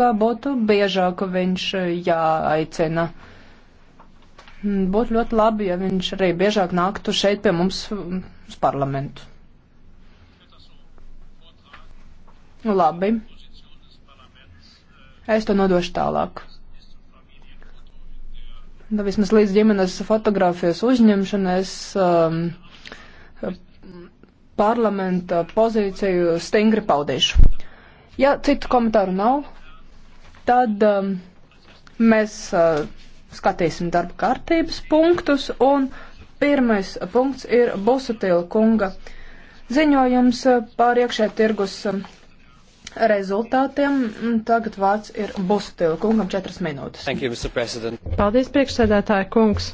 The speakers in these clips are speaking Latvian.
kā būtu biežāk viņš jāaicina. Būtu ļoti labi, ja viņš arī biežāk nāktu šeit pie mums uz parlamentu. Labi. Es to nodošu tālāk. Da nu, vismaz līdz ģimenes fotografijas uzņemšanas um, parlamenta pozīciju stingri paudīšu. Ja citu komentāru nav, tad um, mēs uh, skatīsim darba kārtības punktus, un pirmais punkts ir Busutila kunga ziņojums uh, par iekšē tirgus um, rezultātiem. Tagad vārds ir Busutila kungam četras minūtes. Thank you, Paldies, priekšsēdētāja kungs!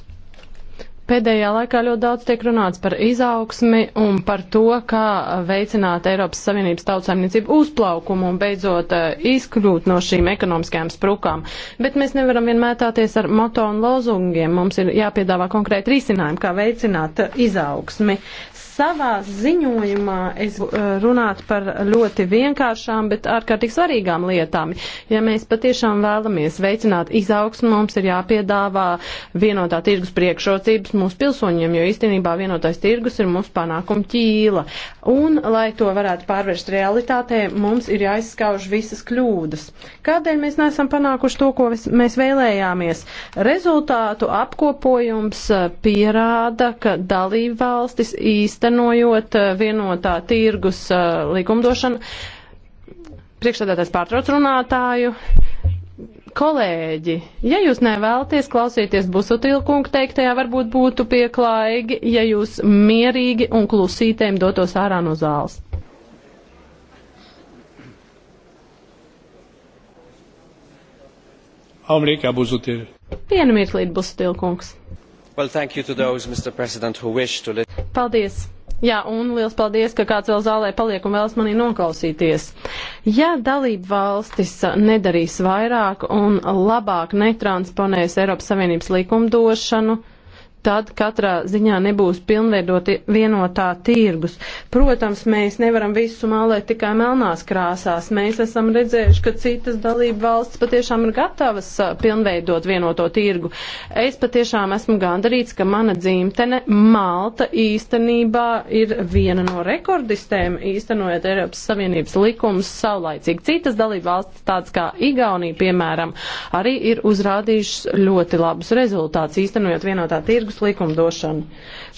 Pēdējā laikā ļoti daudz tiek runāts par izaugsmi un par to, kā veicināt Eiropas Savienības tautsājumniecību uzplaukumu un beidzot eh, izkļūt no šīm ekonomiskajām sprukām. Bet mēs nevaram vienmētāties ar moto un lozungiem. Mums ir jāpiedāvā konkrēti risinājumi, kā veicināt eh, izaugsmi. Savā ziņojumā es uh, runātu par ļoti vienkāršām, bet ārkārtīgi svarīgām lietām. Ja mēs patiešām vēlamies veicināt izaugsmu, mums ir jāpiedāvā vienotā tirgus priekšrocības mūsu pilsoņiem, jo īstenībā vienotais tirgus ir mūsu panākuma ķīla. Un, lai to varētu pārvērst realitātē, mums ir jāizskauž visas kļūdas. Kādēļ mēs neesam panākuši to, ko mēs vēlējāmies? Rezultātu apkopojums uh, pierāda, ka dalība valstis īstenībā īstenojot eh, vienotā tirgus eh, likumdošanu. Priekšstādātais pārtrauc runātāju. Kolēģi, ja jūs nevēlaties klausīties busutilkungu teiktajā, varbūt būtu pieklājīgi, ja jūs mierīgi un klusītēm dotos ārā no zāles. Omrīkā busutil. Vienu mirklīt busutilkungs. Well, thank you to those, Mr. President, who wish to listen. Paldies. Jā, un liels paldies, ka kāds vēl zālē paliek un vēlas manī noklausīties. Ja dalība valstis nedarīs vairāk un labāk netransponēs Eiropas Savienības likumdošanu, tad katrā ziņā nebūs pilnveidoti vienotā tirgus. Protams, mēs nevaram visu mālēt tikai melnās krāsās. Mēs esam redzējuši, ka citas dalība valsts patiešām ir gatavas pilnveidot vienoto tirgu. Es patiešām esmu gandarīts, ka mana dzimtene Malta īstenībā ir viena no rekordistēm īstenojot Eiropas Savienības likumus saulaicīgi. Citas dalība valsts, tāds kā Igaunija, piemēram, arī ir uzrādījušas ļoti labus rezultātus īstenojot vienotā tirgu tirgus likumdošanu.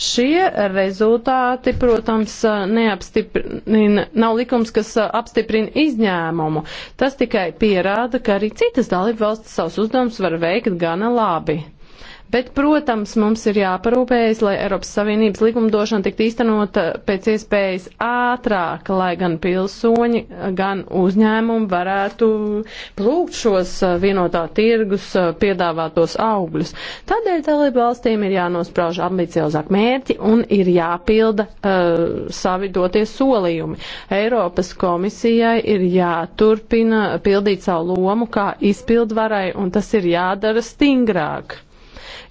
Šie rezultāti, protams, nav likums, kas apstiprina izņēmumu. Tas tikai pierāda, ka arī citas dalību valsts savus uzdevumus var veikt gana labi. Bet, protams, mums ir jāparūpējas, lai Eiropas Savienības likumdošana tiktu īstenota pēc iespējas ātrāk, lai gan pilsoņi, gan uzņēmumi varētu plūkt šos eh, vienotā tirgus eh, piedāvātos augļus. Tādēļ dalību valstīm ir jānosprauž ambiciozāk mērķi un ir jāpilda uh, savi dotie solījumi. Eiropas komisijai ir jāturpina pildīt savu lomu kā izpildvarai, un tas ir jādara stingrāk.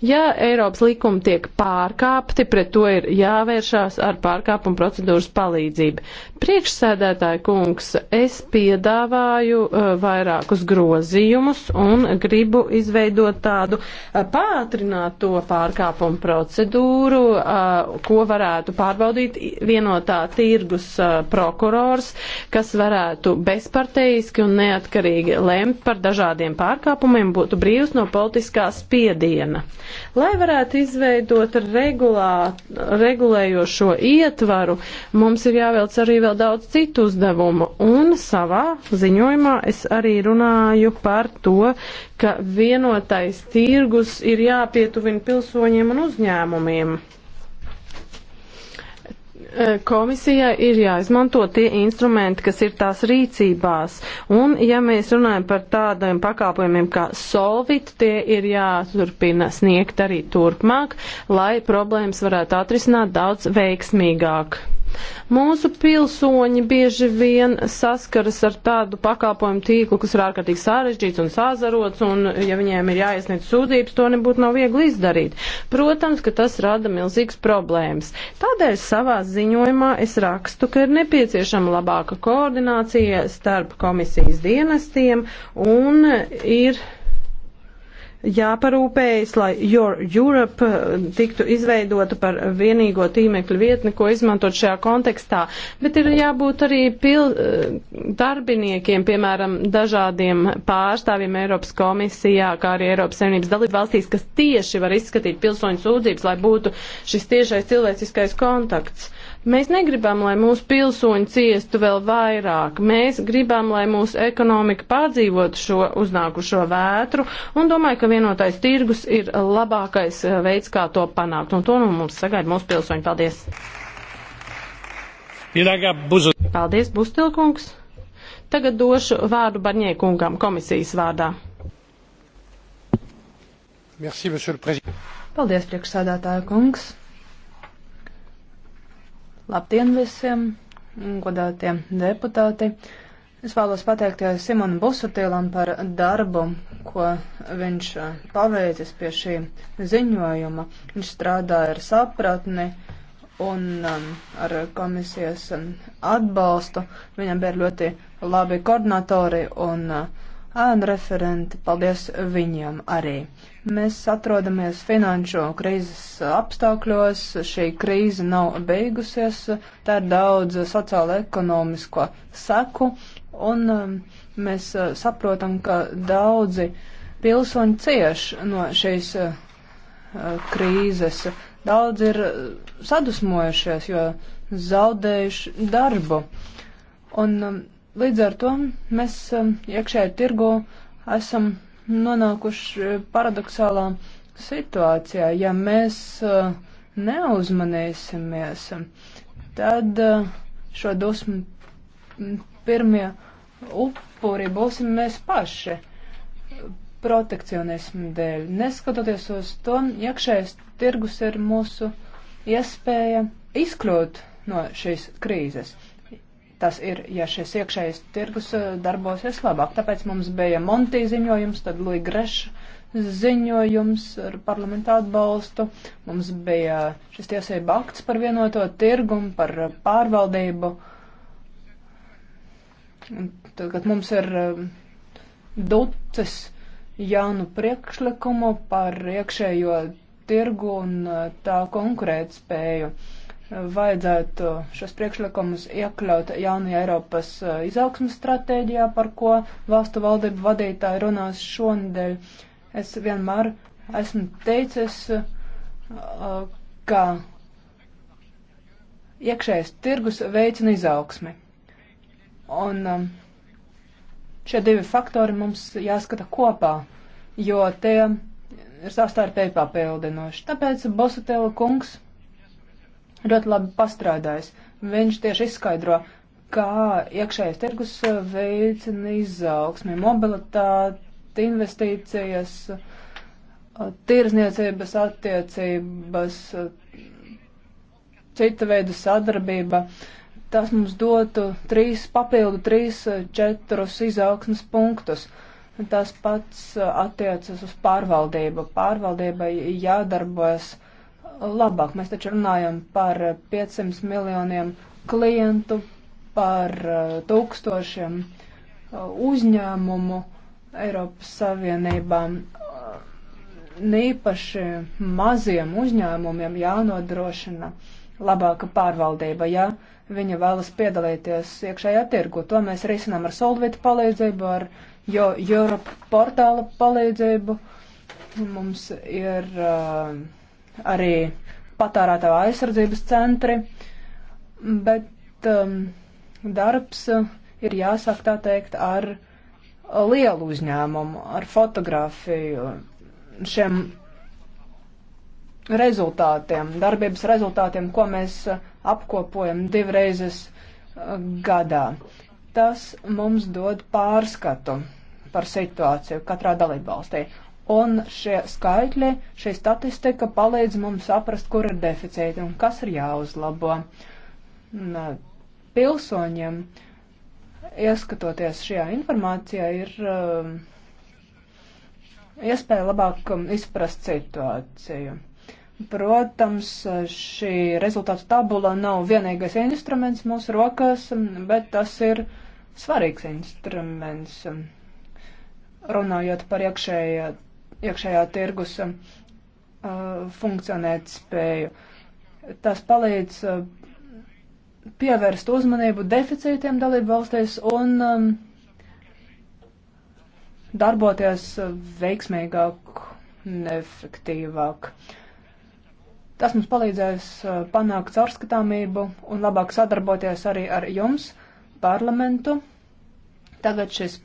Ja Eiropas likumi tiek pārkāpti, pret to ir jāvēršās ar pārkāpumu procedūras palīdzību. Priekšsēdētāja kungs, es piedāvāju uh, vairākus grozījumus un gribu izveidot tādu uh, pātrināto pārkāpumu procedūru, uh, ko varētu pārbaudīt vienotā tirgus uh, prokurors, kas varētu bezparteiski un neatkarīgi lemt par dažādiem pārkāpumiem, būtu brīvs no politiskā spiediena. Lai varētu izveidot regulā, regulējošo ietvaru, mums ir jāvelc arī vēl vēl daudz citu uzdevumu. Un savā ziņojumā es arī runāju par to, ka vienotais tirgus ir jāpietuvina pilsoņiem un uzņēmumiem. Komisijai ir jāizmanto tie instrumenti, kas ir tās rīcībās. Un, ja mēs runājam par tādiem pakalpojumiem kā solvit, tie ir jāturpina sniegt arī turpmāk, lai problēmas varētu atrisināt daudz veiksmīgāk. Mūsu pilsoņi bieži vien saskaras ar tādu pakalpojumu tīklu, kas ir ārkārtīgi sarežģīts un sāzarots, un ja viņiem ir jāiesniedz sūdzības, to nebūtu nav viegli izdarīt. Protams, ka tas rada milzīgas problēmas. Tādēļ savā ziņojumā es rakstu, ka ir nepieciešama labāka koordinācija starp komisijas dienestiem un ir jāparūpējas, lai Your Europe eh, tiktu izveidota par vienīgo tīmekļu vietni, ko izmantot šajā kontekstā, bet ir jābūt arī pil, eh, darbiniekiem, piemēram, dažādiem pārstāvjiem Eiropas komisijā, kā arī Eiropas Savienības dalību valstīs, kas tieši var izskatīt pilsoņu sūdzības, lai būtu šis tiešais cilvēciskais kontakts. Mēs negribam, lai mūsu pilsoņi ciestu vēl vairāk. Mēs gribam, lai mūsu ekonomika pārdzīvotu šo uznākušo vētru un domāju, ka vienotais tirgus ir labākais eh, veids, kā to panākt. Un to nu mums sagaida mūsu pilsoņi. Paldies! Paldies, Bustilkungs! Tagad došu vārdu Barņiekungam komisijas vārdā. Merci, Paldies, priekšsādātāja kungs! Labdien visiem, godātie deputāti! Es vēlos pateikties Simonam Busutilam par darbu, ko viņš uh, paveicis pie šī ziņojuma. Viņš strādāja ar sapratni un um, ar komisijas um, atbalstu. Viņam bija ļoti labi koordinatori un uh, referenti. Paldies viņiem arī. Mēs atrodamies finanšu krīzes apstākļos, šī krīze nav beigusies, tā ir daudz sociāla ekonomisko seku, un um, mēs uh, saprotam, ka daudzi pilsoņi cieš no šīs uh, uh, krīzes. Daudz ir sadusmojušies, jo zaudējuši darbu. Un um, līdz ar to mēs um, iekšējā tirgu esam nonākuši eh, paradoxālā situācijā. Ja mēs eh, neuzmanīsimies, tad eh, šo dusmu pirmie upuri būsim mēs paši protekcionismu dēļ. Neskatoties uz to, iekšējais tirgus ir mūsu iespēja izkļūt no šīs krīzes. Tas ir, ja šis iekšējais tirgus eh, darbosies labāk. Tāpēc mums bija Monti ziņojums, tad Lui Greša ziņojums ar parlamentu atbalstu. Mums bija šis tiesība akts par vienoto tirgumu, par eh, pārvaldību. Tagad mums ir eh, duces jaunu priekšlikumu par iekšējo tirgu un tā konkurētspēju. spēju vajadzētu šos priekšlikumus iekļaut jaunajā Eiropas uh, izaugsmas stratēģijā, par ko valstu valdību vadītāji runās šonadēļ. Es vienmēr esmu teicis, uh, ka iekšējais tirgus veicina izaugsmi. Un um, šie divi faktori mums jāskata kopā, jo tie ir sastāvdaļa papildinoši. Tāpēc Bosatēla kungs ļoti labi pastrādājis. Viņš tieši izskaidro, kā iekšējais tirgus veicina izaugsmi, mobilitāti, investīcijas, tirzniecības attiecības, cita veida sadarbība. Tas mums dotu trīs papildu, trīs, četrus izaugsmas punktus. Tas pats attiecas uz pārvaldību. Pārvaldībai jādarbojas labāk. Mēs taču runājam par 500 miljoniem klientu, par eh, tūkstošiem eh, uzņēmumu Eiropas Savienībā. Nīpaši eh, maziem uzņēmumiem jānodrošina labāka pārvaldība, ja viņa vēlas piedalīties iekšējā tirgu. To mēs risinām ar Solvitu palīdzību, ar jo Europe portāla palīdzību. Mums ir uh, arī patērētāju aizsardzības centri, bet um, darbs uh, ir jāsāk tā teikt ar lielu uzņēmumu, ar fotografiju, šiem rezultātiem, darbības rezultātiem, ko mēs uh, apkopojam divreizes uh, gadā. Tas mums dod pārskatu par situāciju katrā dalībvalstī. Un šie skaitļi, šī statistika palīdz mums saprast, kur ir deficīti un kas ir jāuzlabo. Uh, pilsoņiem, ieskatoties šajā informācijā, ir uh, iespēja labāk um, izprast situāciju. Protams, šī rezultātu tabula nav vienīgais instruments mūsu rokās, um, bet tas ir svarīgs instruments. Um, runājot par iekšējā iekšējā tirgus um, uh, funkcionēt spēju. Tas palīdz uh, pievērst uzmanību deficītiem dalību valstīs un um, darboties uh, veiksmīgāk un efektīvāk. Tas mums palīdzēs uh, panākt caurskatāmību un labāk sadarboties arī ar jums, parlamentu. Tagad šis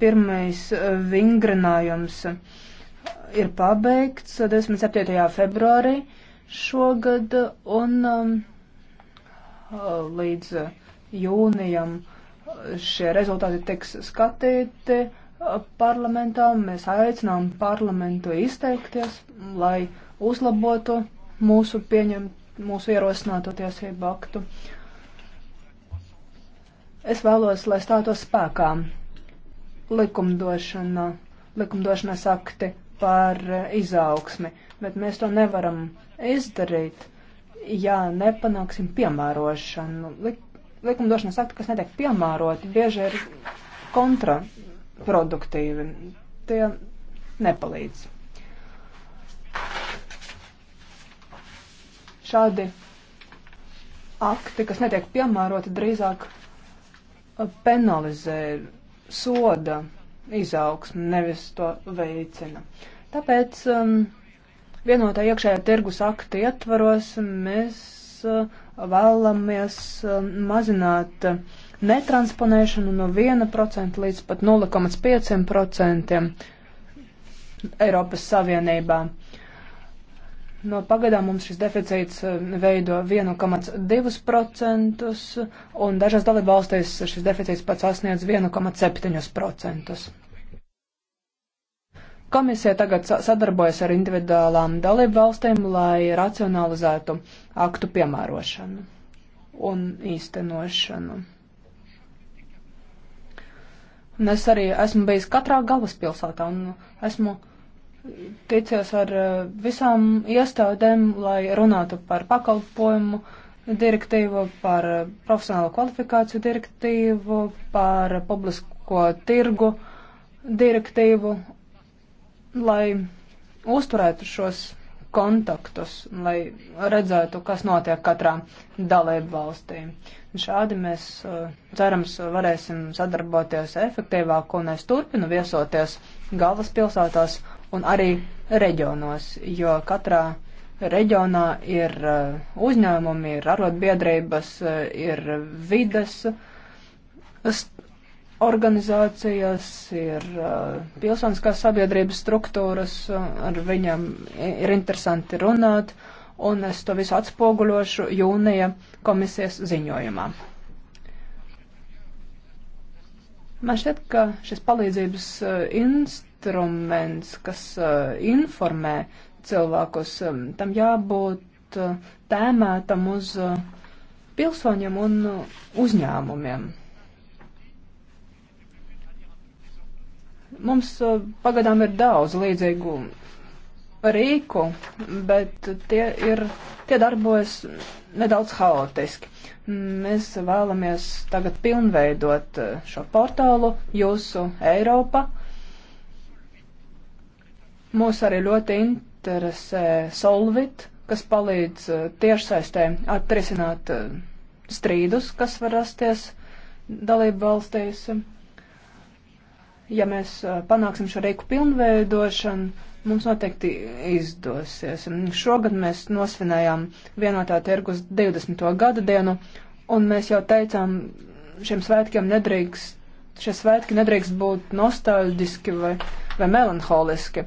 Pirmais eh, vingrinājums eh, ir pabeigts 27. februārī šogad un um, eh, līdz jūnijam šie rezultāti tiks skatīti parlamentā. Mēs aicinām parlamentu izteikties, lai uzlabotu mūsu, pieņem, mūsu ierosināto tiesību aktu. Es vēlos, lai stātos spēkā likumdošana, likumdošanas akti par e, izaugsmi, bet mēs to nevaram izdarīt, ja nepanāksim piemērošanu. Lik, likumdošanas akti, kas netiek piemēroti, bieži ir kontraproduktīvi. Tie nepalīdz. Šādi akti, kas netiek piemēroti, drīzāk penalizē soda izaugsmu, nevis to veicina. Tāpēc um, vienotā iekšējā tirgus akta ietvaros mēs uh, vēlamies uh, mazināt uh, netransponēšanu no 1% līdz pat 0,5% Eiropas Savienībā. No pagaidām mums šis deficīts eh, veido 1,2%, un dažās dalībvalstīs šis deficīts pats sasniedz 1,7%. Komisija tagad sadarbojas ar individuālām dalībvalstīm, lai racionalizētu aktu piemērošanu un īstenošanu. Un es arī esmu bijis katrā galvaspilsētā un esmu ticies ar eh, visām iestādēm, lai runātu par pakalpojumu direktīvu, par eh, profesionālo kvalifikāciju direktīvu, par publisko tirgu direktīvu, lai uzturētu šos kontaktus, lai redzētu, kas notiek katrā dalību valstī. Šādi mēs, eh, cerams, varēsim sadarboties efektīvāk, un es turpinu viesoties galvaspilsētās. pilsētās un arī reģionos, jo katrā reģionā ir uh, uzņēmumi, ir arotbiedrības, uh, ir vides uh, organizācijas, ir pilsoniskās sabiedrības struktūras, ar viņiem ir interesanti runāt, un es to visu atspoguļošu jūnija komisijas ziņojumā. Man šķiet, ka šis palīdzības institūts instruments, kas eh, informē cilvēkus. Eh, tam jābūt eh, tēmētam uz pilsoņiem un uzņēmumiem. Mums pagadām ir daudz līdzīgu rīku, bet tie, ir, tie darbojas nedaudz haotiski. Mēs vēlamies tagad pilnveidot šo portālu Jūsu Eiropa. Mūs arī ļoti interesē Solvit, kas palīdz eh, tiešsaistē atrisināt eh, strīdus, kas var rasties dalību valstīs. Ja mēs eh, panāksim šo reiku pilnveidošanu, mums noteikti izdosies. Šogad mēs nosvinējām vienotā tirgus 20. gada dienu, un mēs jau teicām, šiem svētkiem nedrīkst, šie svētki nedrīkst būt nostalģiski vai, vai melanholiski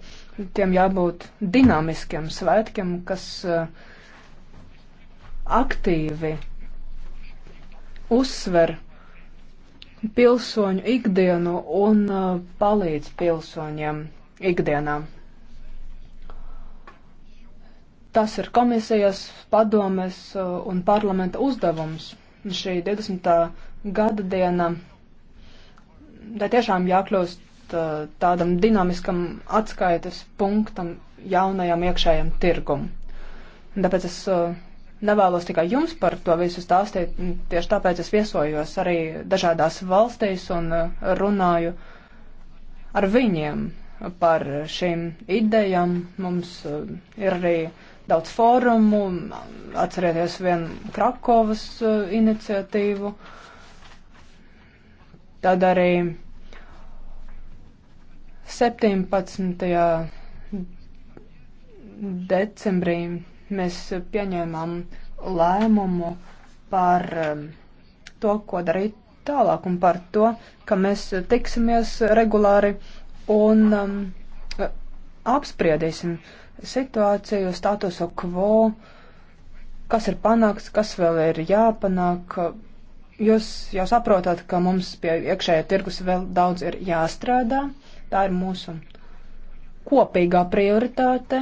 tiem jābūt dinamiskiem svētkiem, kas eh, aktīvi uzsver pilsoņu ikdienu un eh, palīdz pilsoņiem ikdienā. Tas ir komisijas, padomes eh, un parlamenta uzdevums. Šī 20. gada diena, tai tiešām jākļūst tādam dinamiskam atskaites punktam jaunajam iekšējam tirgum. Tāpēc es nevēlos tikai jums par to visu stāstīt, tieši tāpēc es viesojos arī dažādās valstīs un runāju ar viņiem par šīm idejām. Mums ir arī daudz fórumu, atcerieties vienu Krakovas iniciatīvu. Tad arī 17. decembrī mēs pieņēmām lēmumu par um, to, ko darīt tālāk un par to, ka mēs tiksimies regulāri un um, apspriedīsim situāciju, statusu quo, kas ir panākts, kas vēl ir jāpanāk. Jūs jau saprotat, ka mums pie iekšējā tirgus vēl daudz ir jāstrādā. Uh, Tā ir mūsu kopīgā prioritāte.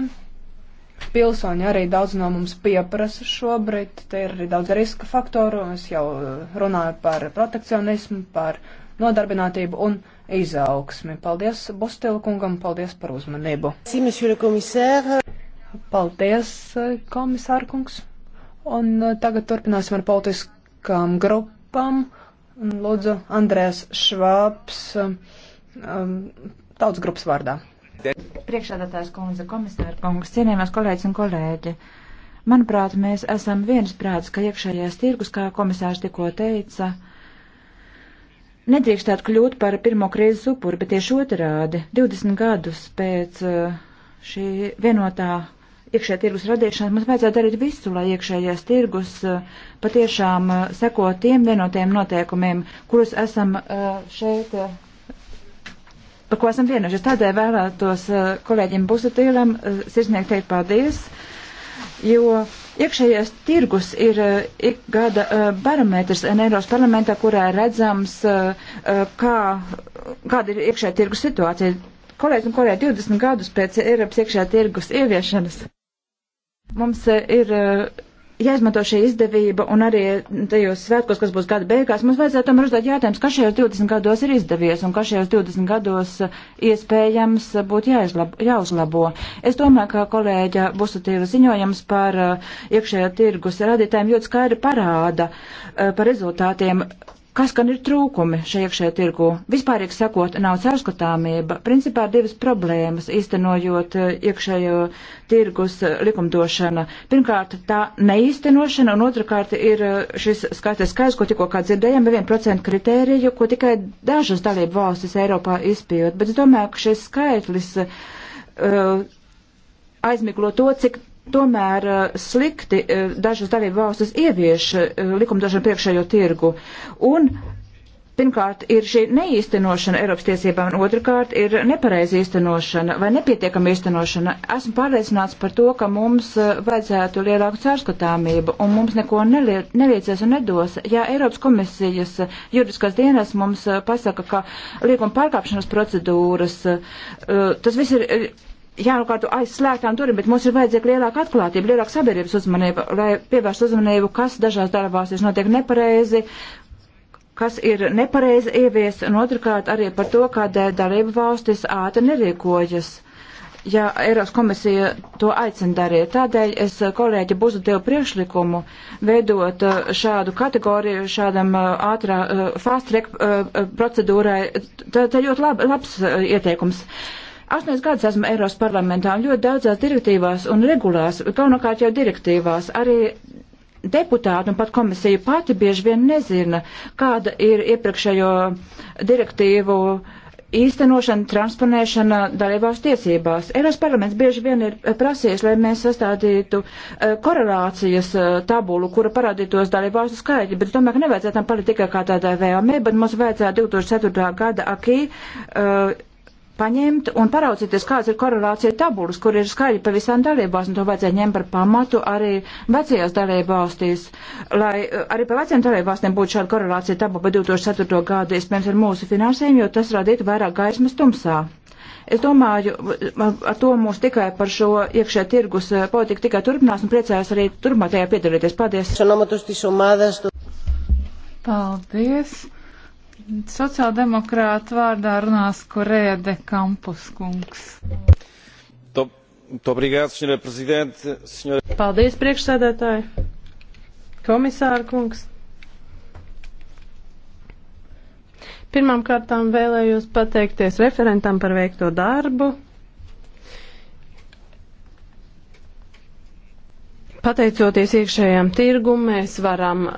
Pilsoņi arī daudz no mums pieprasa šobrīd, te ir arī daudz riska faktoru, es jau eh, runāju par protekcionismu, par nodarbinātību un izaugsmi. Paldies Bustilu kungam, paldies par uzmanību. Paldies, eh, komisārkungs. Un eh, tagad turpināsim ar politiskām grupām. Lūdzu, Andrēs Švāps. Uh, um, tautas grupas vārdā. Priekšādātājs kundze, komisāra kungs, cienījumās kolēģis un kolēģi. Manuprāt, mēs esam viensprāts, ka iekšējais tirgus, kā komisārs tikko teica, nedrīkstētu kļūt par pirmo krīzes upuri, bet tieši otrādi - 20 gadus pēc uh, šī vienotā iekšējā tirgus radīšanas mums vajadzētu darīt visu, lai iekšējais tirgus uh, patiešām uh, seko tiem vienotiem noteikumiem, kurus esam šeit par ko esam vienojušies. Tādēļ vēlētos eh, kolēģim Busatīlam eh, sirsniegt teikt paldies, jo iekšējais tirgus ir eh, ik gada barometrs Eiropas parlamentā, kurā redzams, kā, kāda ir iekšējā tirgus situācija. Kolēģis un kolēģi 20 gadus pēc Eiropas iekšējā tirgus ieviešanas. Mums ir jāizmanto šī izdevība un arī tajos svētkos, kas būs gada beigās, mums vajadzētu tomēr uzdot jautājumus, kas šajos 20 gados ir izdevies un kas šajos 20 gados eh, iespējams eh, būtu jāuzlabo. Es domāju, ka kolēģa Busutīva ziņojums par eh, iekšējā tirgus radītājiem ļoti skaidri parāda par rezultātiem Kas gan ir trūkumi šajā iekšējā tirgu? Vispārīgi sakot, nav caurskatāmība. Principā ir divas problēmas, īstenojot eh, iekšējo tirgus eh, likumdošana. Pirmkārt, tā neīstenošana, un otrkārt ir eh, šis skaitlis skaidrs, ko tikko kā dzirdējām, ir 1% kritēriju, ko tikai dažas dalību valstis Eiropā izpildot. Bet es domāju, ka šis skaitlis uh, aizmiglo to, cik tomēr eh, slikti eh, dažas dalību valstis ievieš eh, likumdošanu priekšējo tirgu. Un Pirmkārt, ir šī neīstenošana Eiropas tiesībām, un otrkārt ir nepareiza īstenošana vai nepietiekama īstenošana. Esmu pārliecināts par to, ka mums vajadzētu lielāku cārskatāmību, un mums neko neliecies un nedos. Ja Eiropas komisijas juridiskās dienas mums pasaka, ka liekuma pārkāpšanas procedūras, tas viss ir jānokādu aiz slēgtām durvīm, bet mums ir vajadzīga lielāka atklātība, lielāka sabiedrības uzmanība, lai pievērst uzmanību, kas dažās dalībvalstīs notiek nepareizi, kas ir nepareizi ievies, un otrkārt arī par to, kādēļ dalību valstis ātri nerīkojas. Ja Eiropas komisija to aicina darīt, tādēļ es kolēģi būtu tev priekšlikumu veidot uh, šādu kategoriju, šādam uh, ātrā uh, fast track procedūrai. Tā ir ļoti lab, labs ieteikums. Uh, Astoņas gadus esmu Eiropas parlamentā un ļoti daudzās direktīvās un regulās, galvenokārt jau direktīvās, arī deputāti un pat komisija pati bieži vien nezina, kāda ir iepriekšējo direktīvu īstenošana, transponēšana dalībās tiesībās. Eiropas parlaments bieži vien ir prasījis, lai mēs sastādītu eh, korelācijas eh, tabulu, kura parādītos dalībās skaidri, bet es domāju, ka nevajadzētu tam palikt tikai kā tādai vēlmei, bet mums vajadzētu 2004. gada akī. Uh, paņemt un paraucieties, kāds ir korelācija tabulas, kur ir skaļi pa visām dalībās, un to vajadzēja ņemt par pamatu arī vecajās dalībvalstīs, lai eh, arī pa vecajām dalībvalstīm būtu šāda korelācija tabula pa 2004. gadu, iespējams, ar mūsu finansējumu, jo tas radītu vairāk gaismas tumsā. Es domāju, ar to mūs tikai par šo iekšē tirgus eh, politiku tikai turpinās un priecājos arī turpmākajā piedalīties. Paldies! Paldies! Sociāldemokrāta vārdā runās Koreja de Kampus kungs. Obrigado, senhora Presidente. Senhora... Paldies, priekšsēdētāji. Komisāra kungs. Pirmām kārtām vēlējos pateikties referentam par veikto darbu. Pateicoties iekšējām tirgum, mēs varam uh,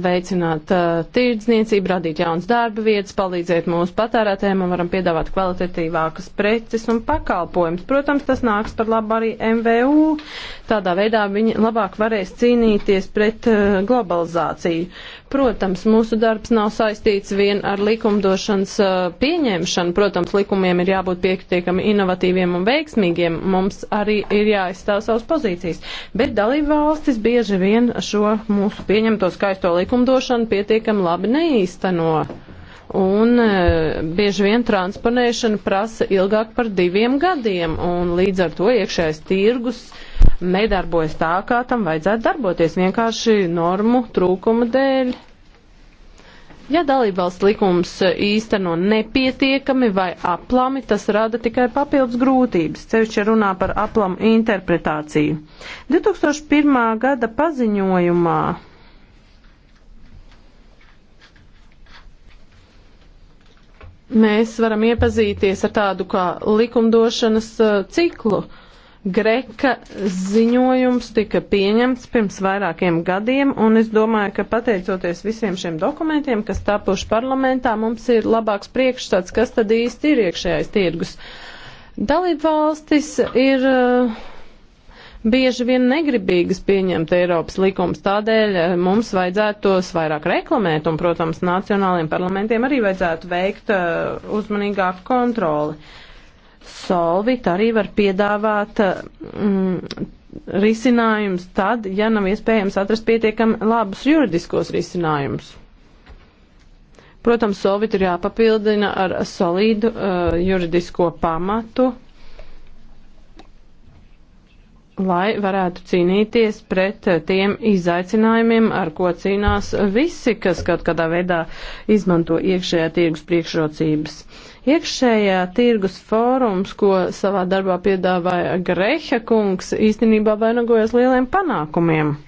veicināt uh, tirdzniecību, radīt jaunas darba vietas, palīdzēt mūsu patērētēm un varam piedāvāt kvalitatīvākas preces un pakalpojumus. Protams, tas nāks par labu arī MVU. Tādā veidā viņi labāk varēs cīnīties pret uh, globalizāciju. Protams, mūsu darbs nav saistīts vien ar likumdošanas uh, pieņemšanu. Protams, likumiem ir jābūt pietiekami inovatīviem un veiksmīgiem. Mums arī ir jāizstāv savas pozīcijas. Bet dalība valstis bieži vien šo mūsu pieņemto skaisto likumdošanu pietiekami labi neīsteno un e, bieži vien transponēšana prasa ilgāk par diviem gadiem, un līdz ar to iekšējais tirgus nedarbojas tā, kā tam vajadzētu darboties, vienkārši normu trūkuma dēļ. Ja dalībvalsts likums īsteno nepietiekami vai aplami, tas rada tikai papildus grūtības, cevišķi runā par aplamu interpretāciju. 2001. gada paziņojumā mēs varam iepazīties ar tādu kā likumdošanas uh, ciklu. Greka ziņojums tika pieņemts pirms vairākiem gadiem, un es domāju, ka pateicoties visiem šiem dokumentiem, kas tapuši parlamentā, mums ir labāks priekšstats, kas tad īsti ir iekšējais tirgus. Dalību valstis ir uh, bieži vien negribīgas pieņemt Eiropas likums. Tādēļ eh, mums vajadzētu tos vairāk reklamēt un, protams, nacionāliem parlamentiem arī vajadzētu veikt eh, uzmanīgāku kontroli. Solvit arī var piedāvāt eh, mm, risinājums tad, ja nav iespējams atrast pietiekami labus juridiskos risinājumus. Protams, Solvit ir jāpapildina ar solīdu uh, juridisko pamatu, lai varētu cīnīties pret eh, tiem izaicinājumiem, ar ko cīnās visi, kas kaut kādā veidā izmanto iekšējā tirgus priekšrocības. Iekšējā tirgus fórums, ko savā darbā piedāvāja Greha kungs, īstenībā vainagojas lieliem panākumiem.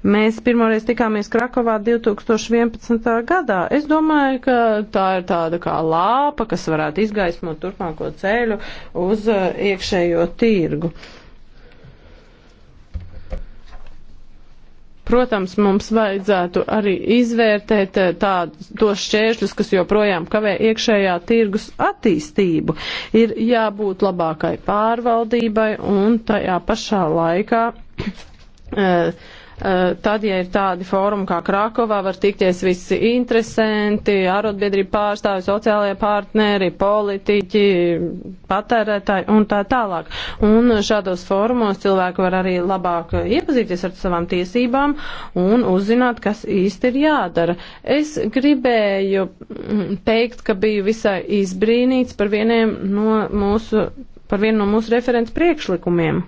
Mēs pirmoreiz tikāmies Krakovā 2011. gadā. Es domāju, ka tā ir tāda kā lāpa, kas varētu izgaismot turpmāko ceļu uz eh, iekšējo tirgu. Uh, Protams, mums vajadzētu arī izvērtēt eh, tādus tos šķēršļus, kas joprojām kavē iekšējā tirgus attīstību. Ir jābūt labākai pārvaldībai un tajā pašā laikā. Uh, Eh, tad, ja ir tādi fórumi kā Krakovā, var tikties visi interesanti, arotbiedrība pārstāvi, sociālajie partneri, politiķi, patērētāji un tā tālāk. Un šādos fórumos cilvēki var arī labāk iepazīties ar savām tiesībām un uzzināt, kas īsti ir jādara. Es gribēju mm, teikt, ka biju visai izbrīnīts par vieniem no mūsu par vienu no mūsu referents priekšlikumiem.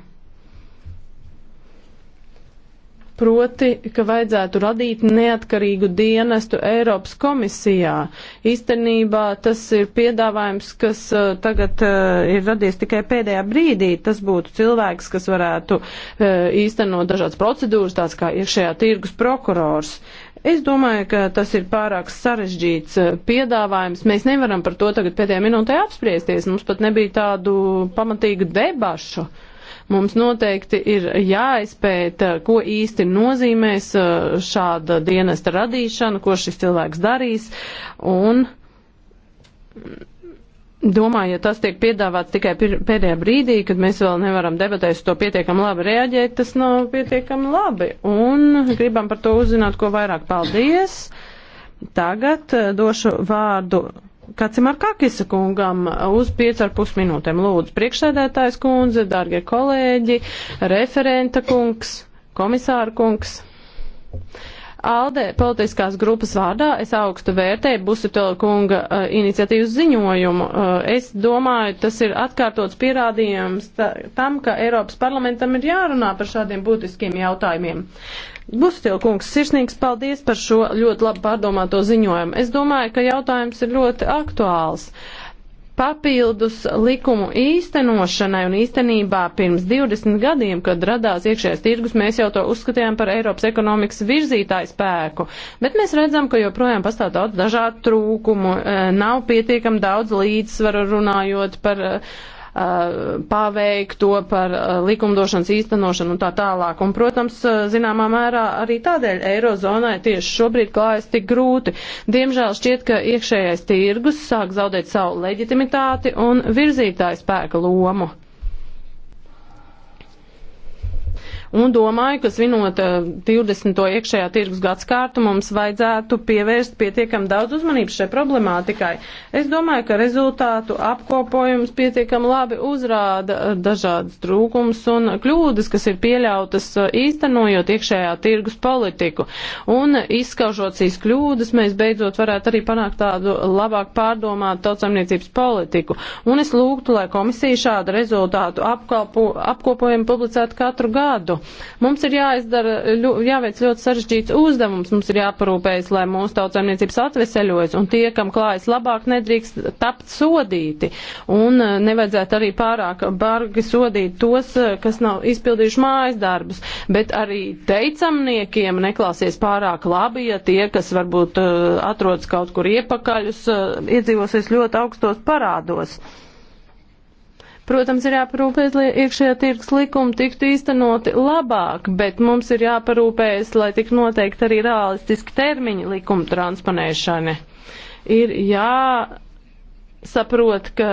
proti, ka vajadzētu radīt neatkarīgu dienestu Eiropas komisijā. Īstenībā tas ir piedāvājums, kas uh, tagad uh, ir radies tikai pēdējā brīdī. Tas būtu cilvēks, kas varētu uh, īstenot dažādas procedūras, tāds kā iekšējā tirgus prokurors. Es domāju, ka tas ir pārāk sarežģīts uh, piedāvājums. Mēs nevaram par to tagad pēdējā minūtē apspriesties. Mums pat nebija tādu pamatīgu debašu. Uh, Mums noteikti ir jāizpēta, eh, ko īsti nozīmēs eh, šāda dienesta radīšana, ko šis cilvēks darīs. Un domāju, ja tas tiek piedāvāts tikai pēdējā brīdī, kad mēs vēl nevaram debatēs to pietiekami labi reaģēt, tas nav pietiekami labi. Un gribam par to uzzināt, ko vairāk. Paldies! Tagad eh, došu vārdu Kācim ar Kakisa kungam uz 5,5 minūtēm lūdzu priekšsēdētājs kundze, dārgie kolēģi, referenta kungs, komisāra kungs. ALDE politiskās grupas vārdā es augstu vērtēju Busutela kunga uh, iniciatīvas ziņojumu. Uh, es domāju, tas ir atkārtots pierādījums ta, tam, ka Eiropas parlamentam ir jārunā par šādiem būtiskiem jautājumiem. Busutela kungs, sirsnīgs paldies par šo ļoti labi pārdomāto ziņojumu. Es domāju, ka jautājums ir ļoti aktuāls. Uh, papildus likumu īstenošanai un īstenībā pirms 20 gadiem, kad radās iekšējais tirgus, mēs jau to uzskatījām par Eiropas ekonomikas virzītāju spēku, bet mēs redzam, ka joprojām pastāv daudz dažādu trūkumu, eh, nav pietiekam daudz līdzsvaru runājot par uh, paveikto, par likumdošanas īstenošanu un tā tālāk. Un, protams, zināmā mērā arī tādēļ Eirozonai tieši šobrīd klājas tik grūti. Diemžēl šķiet, ka iekšējais tirgus sāk zaudēt savu leģitimitāti un virzītāju spēka lomu. un domāju, ka svinot 20. Eh, iekšējā tirgus gadskārtu mums vajadzētu pievērst pietiekam daudz uzmanības šai problemātikai. Es domāju, ka rezultātu apkopojums pietiekam labi uzrāda eh, dažādas trūkums un kļūdas, kas ir pieļautas eh, īstenojot iekšējā tirgus politiku. Un izskaužot šīs kļūdas, mēs beidzot varētu arī panākt tādu labāk pārdomātu tautsamniecības politiku. Un es lūgtu, lai komisija šādu rezultātu apkopojumu publicētu katru gadu. Mums ir jāizdara, ļu, jāveic ļoti sarežģīts uzdevums, mums ir jāparūpējas, lai mūsu tautsēmniecības atveseļojas, un tie, kam klājas labāk, nedrīkst tapt sodīti. Un eh, nevajadzētu arī pārāk bargi sodīt tos, eh, kas nav izpildījuši mājas darbus, bet arī teicamniekiem neklāsies pārāk labi, ja tie, kas varbūt eh, atrodas kaut kur iepakaļus, iedzīvosies ļoti augstos parādos. Protams, ir jāparūpēs, lai iekšējā tirgus likumi tiktu īstenoti labāk, bet mums ir jāparūpēs, lai tik noteikti arī realistiski termiņi likuma transponēšana. Ir jāsaprot, ka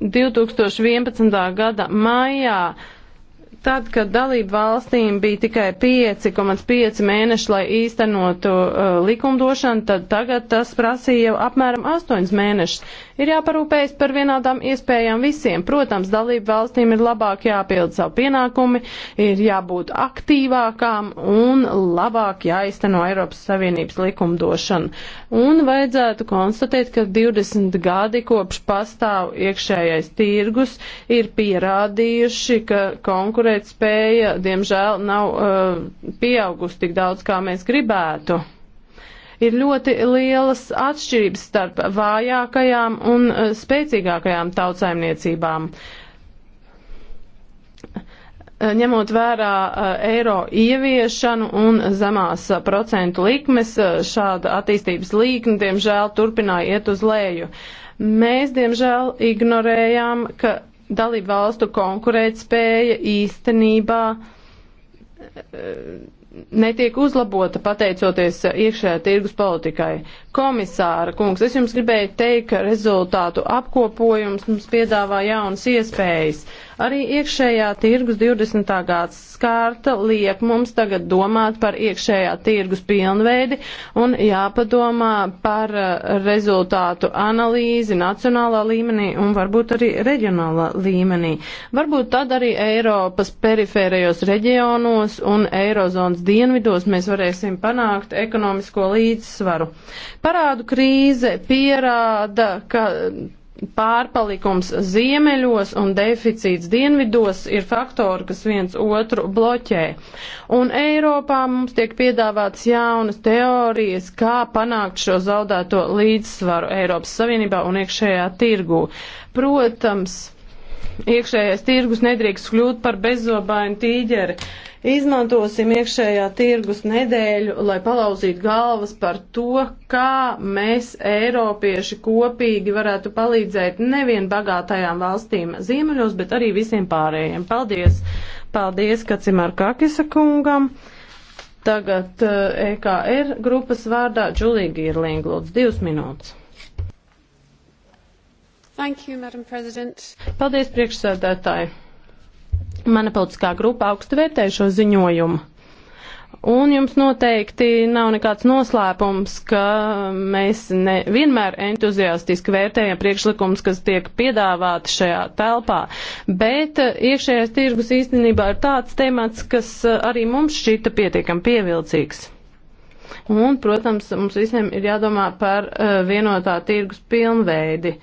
2011. gada maijā tad, kad dalību valstīm bija tikai 5,5 mēneši, lai īstenotu uh, likumdošanu, tad tagad tas prasīja jau apmēram 8 mēnešus. Ir jāparūpējas par vienādām iespējām visiem. Protams, dalību valstīm ir labāk jāpild savu pienākumi, ir jābūt aktīvākām un labāk jāizteno Eiropas Savienības likumdošanu. Un vajadzētu konstatēt, ka 20 gadi kopš pastāv iekšējais tirgus ir pierādījuši, ka konkurence konkurētspēja, diemžēl, nav uh, pieaugusi tik daudz, kā mēs gribētu ir ļoti lielas atšķirības starp vājākajām un uh, spēcīgākajām tautsaimniecībām. Uh, ņemot vērā uh, eiro ieviešanu un zemās procentu likmes, šāda attīstības līkne, diemžēl, turpināja iet uz leju. Mēs, diemžēl, ignorējām, ka dalību valstu konkurētspēja īstenībā eh, netiek uzlabota pateicoties iekšējā tirgus politikai. Komisāra kungs, es jums gribēju teikt, ka rezultātu apkopojums mums piedāvā jaunas iespējas. Arī iekšējā tirgus 20. gads skārta liek mums tagad domāt par iekšējā tirgus pilnveidi un jāpadomā par eh, rezultātu analīzi nacionālā līmenī un varbūt arī reģionālā līmenī. Varbūt tad arī Eiropas perifērajos reģionos un Eirozonas dienvidos mēs varēsim panākt ekonomisko līdzsvaru. Parādu krīze pierāda, ka pārpalikums ziemeļos un deficīts dienvidos ir faktori, kas viens otru bloķē. Un Eiropā mums tiek piedāvāts jaunas teorijas, kā panākt šo zaudēto līdzsvaru Eiropas Savienībā un iekšējā tirgū. Protams, iekšējais tirgus nedrīkst kļūt par bezzobainu tīģeri. Izmantosim iekšējā tirgus nedēļu, lai palauzītu galvas par to, kā mēs, eiropieši, kopīgi varētu palīdzēt nevien bagātajām valstīm ziemeļos, bet arī visiem pārējiem. Paldies! Paldies, Kacimār Kakisa kungam! Tagad EKR eh, e grupas vārdā Džulija Girlinga lūdzu divas minūtes. Thank you, Madam President. Paldies, priekšsēdētāji. Mana politiskā grupa augstu vērtē šo ziņojumu. Un jums noteikti nav nekāds noslēpums, ka mēs ne vienmēr entuziastiski vērtējam priekšlikums, kas tiek piedāvāti šajā telpā, bet iekšējais tirgus īstenībā ir tāds temats, kas arī mums šķita pietiekam pievilcīgs. Un, protams, mums visiem ir jādomā par eh, vienotā tirgus pilnveidi. Uh,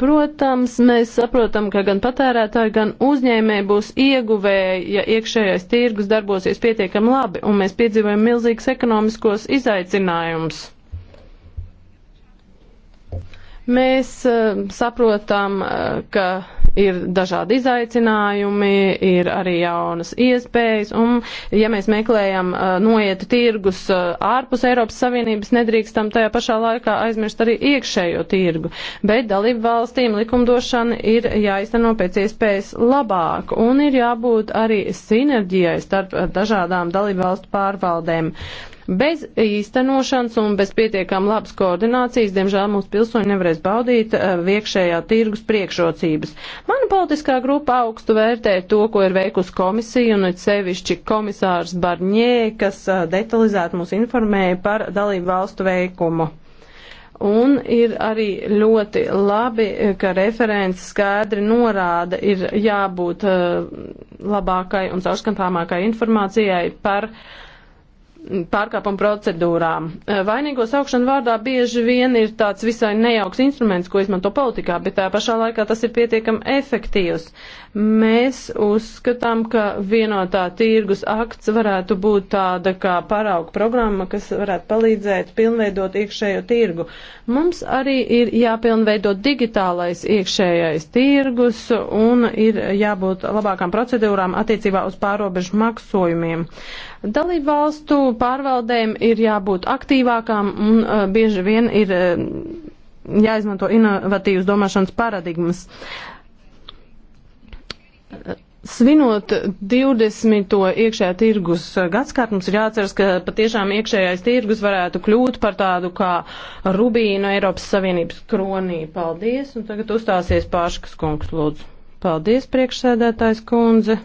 Protams, mēs saprotam, ka gan patērētāji, gan uzņēmēji būs ieguvēji, ja iekšējais tirgus darbosies pietiekami labi, un mēs piedzīvojam milzīgus ekonomiskos izaicinājumus. Mēs uh, saprotam, uh, ka ir dažādi izaicinājumi, ir arī jaunas iespējas, un ja mēs meklējam uh, noietu tirgus uh, ārpus Eiropas Savienības, nedrīkstam tajā pašā laikā aizmirst arī iekšējo tirgu. Bet dalību valstīm likumdošana ir jāizteno pēc iespējas labāk, un ir jābūt arī sinerģijai starp dažādām dalību valstu pārvaldēm. Uh, Bez īstenošanas un bez pietiekām labas koordinācijas, diemžēl mūsu pilsoņi nevarēs baudīt eh, viekšējā tirgus priekšrocības. Mana politiskā grupa augstu vērtē to, ko ir veikusi komisija un it sevišķi komisārs Barņē, kas eh, detalizēt mūs informēja par dalību valstu veikumu. Un ir arī ļoti labi, eh, ka referents skaidri norāda, ir jābūt uh, labākai un caurskatāmākai informācijai par uh, pārkāpumu procedūrām. Eh, vainīgo saukšanu vārdā bieži vien ir tāds visai nejauks instruments, ko izmanto politikā, bet tā pašā laikā tas ir pietiekami efektīvs. Mēs uzskatām, ka vienotā tirgus akts varētu būt tāda kā parauga programma, kas varētu palīdzēt pilnveidot iekšējo tirgu. Mums arī ir jāpilnveido digitālais iekšējais tirgus un ir jābūt labākām procedūrām attiecībā uz pārobežu maksojumiem. Dalību valstu pārvaldēm ir jābūt aktīvākām un uh, bieži vien ir. Uh, jāizmanto inovatīvas domāšanas paradigmas. Svinot 20. iekšējā tirgus gadskārt, mums ir jāatceras, ka patiešām iekšējais tirgus varētu kļūt par tādu kā rubīnu Eiropas Savienības kronī. Paldies, un tagad uzstāsies Pārškas kungs, lūdzu. Paldies, priekšsēdētājs kundze.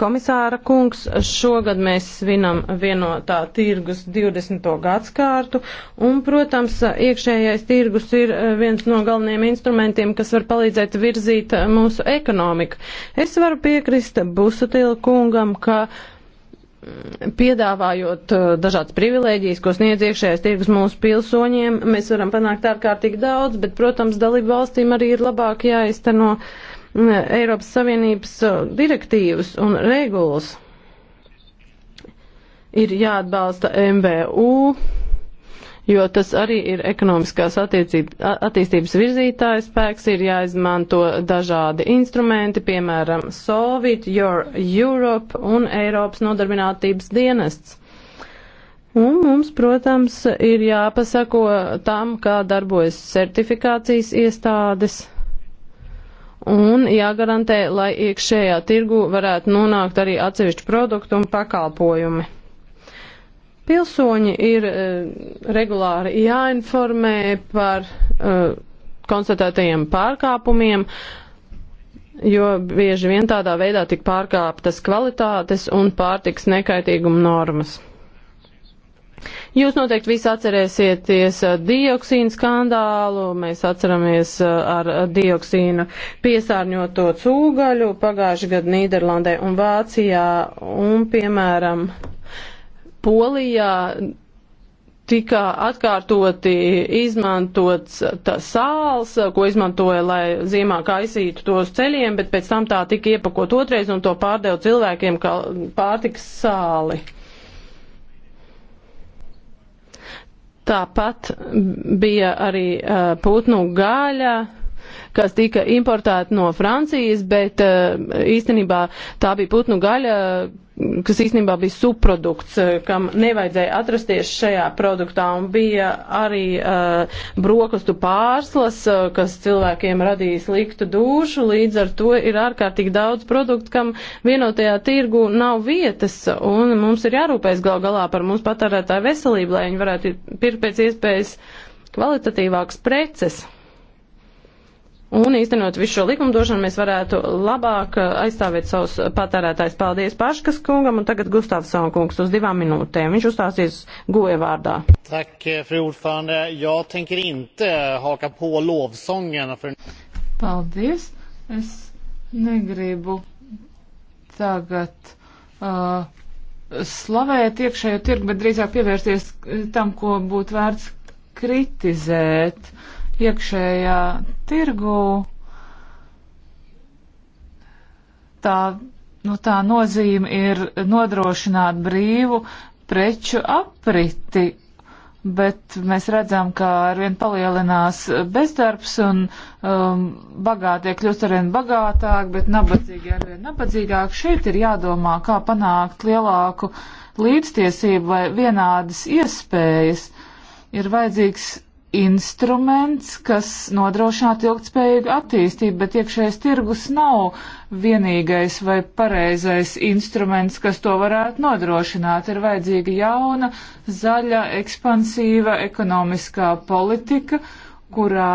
Komisāra kungs, šogad mēs svinam vienotā tirgus 20. gadskārtu, un, protams, iekšējais tirgus ir eh, viens no galvenajiem instrumentiem, kas var palīdzēt virzīt eh, mūsu ekonomiku. Es varu piekrist Busutila kungam, ka mm, piedāvājot eh, dažādas privilēģijas, ko sniedz iekšējais tirgus mūsu pilsoņiem, mēs varam panākt ārkārtīgi daudz, bet, protams, dalību valstīm arī ir labāk jāizteno. No Eh, Eiropas Savienības eh, direktīvas un regulas. Ir jāatbalsta MVU, jo tas arī ir ekonomiskās attīstības virzītājs spēks, ir jāizmanto dažādi instrumenti, piemēram, Solvit, Your Europe un Eiropas nodarbinātības dienests. Un mums, protams, ir jāpasako tam, kā darbojas certifikācijas iestādes un jāgarantē, lai iekšējā tirgu varētu nonākt arī atsevišķi produktu un pakalpojumi. Pilsoņi ir e, regulāri jāinformē par e, konstatētajiem pārkāpumiem, jo bieži vien tādā veidā tik pārkāptas kvalitātes un pārtiks nekaitīguma normas. Jūs noteikti visi atcerēsieties uh, dioksīnu skandālu, mēs atceramies uh, ar uh, dioksīnu piesārņoto cūgaļu pagājušajā gadā Nīderlandē un Vācijā un, piemēram, Polijā tika atkārtoti izmantots tas sāls, ko izmantoja, lai zīmā kaisītu tos ceļiem, bet pēc tam tā tika iepakot otrais un to pārdeva cilvēkiem kā pārtiks sāli. Tāpat bija arī uh, putnu gaļa, kas tika importēta no Francijas, bet eh, īstenībā tā bija putnu gaļa, kas īstenībā bija subprodukts, eh, kam nevajadzēja atrasties šajā produktā, un bija arī uh, brokastu pārslas, uh, kas cilvēkiem radīja sliktu dušu, līdz ar to ir ārkārtīgi daudz produktu, kam vienotajā tirgu nav vietas, un mums ir jārūpēs gal galā par mūsu patērētāju veselību, lai viņi varētu pirkt pēc iespējas kvalitatīvākas preces. Un īstenot visu šo likumdošanu, mēs varētu labāk uh, aizstāvēt savus patērētājs. Paldies Paškas kungam un tagad Gustavsson kungs uz divām minūtēm. Viņš uzstāsies goja vārdā. Tak, eh, fru ordförande, jag tänker inte eh, haka på lovsången. För... Paldies. Es negribu tagad uh, slavēt iekšējo tirgu, bet drīzāk pievērsties tam, ko būtu vērts kritizēt iekšējā tirgū. Tā, nu, tā nozīme ir nodrošināt brīvu preču apriti, bet mēs redzam, ka arvien palielinās bezdarbs un um, bagātie kļūst arvien bagātāk, bet nabadzīgi arvien nabadzīgāk. Šeit ir jādomā, kā panākt lielāku līdztiesību vai vienādas iespējas. Ir vajadzīgs instruments, kas nodrošinātu ilgtspējīgu attīstību, bet iekšējais tirgus nav vienīgais vai pareizais instruments, kas to varētu nodrošināt. Ir vajadzīga jauna, zaļa, ekspansīva ekonomiskā politika, kurā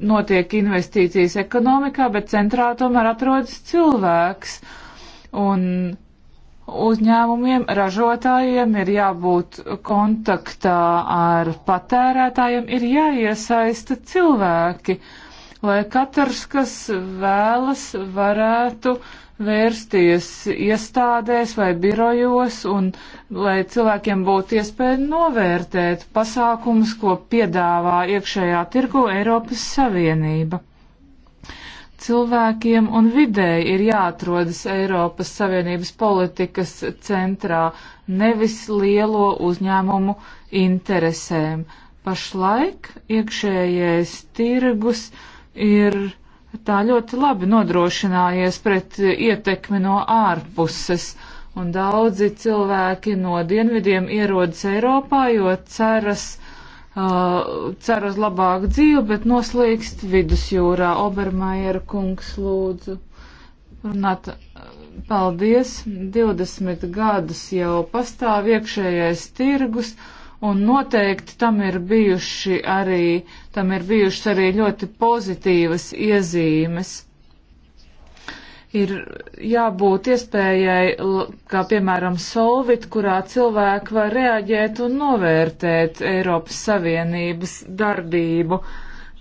notiek investīcijas ekonomikā, bet centrā tomēr atrodas cilvēks. Un uzņēmumiem, ražotājiem ir jābūt kontaktā ar patērētājiem, ir jāiesaista cilvēki, lai katrs, kas vēlas, varētu vērsties iestādēs vai birojos un lai cilvēkiem būtu iespēja novērtēt pasākumus, ko piedāvā iekšējā tirgu Eiropas Savienība cilvēkiem un vidēji ir jāatrodas Eiropas Savienības politikas centrā, nevis lielo uzņēmumu interesēm. Pašlaik iekšējais tirgus ir tā ļoti labi nodrošinājies pret ietekmi no ārpuses, un daudzi cilvēki no dienvidiem ierodas Eiropā, jo ceras, Uh, cer uz labāku dzīvi, bet noslīkst vidusjūrā. Obermaiera kungs lūdzu. Runāt, paldies, 20 gadus jau pastāv iekšējais tirgus, un noteikti tam ir bijuši arī, tam ir bijušas arī ļoti pozitīvas iezīmes ir jābūt iespējai, kā piemēram Solvit, kurā cilvēki var reaģēt un novērtēt Eiropas Savienības darbību.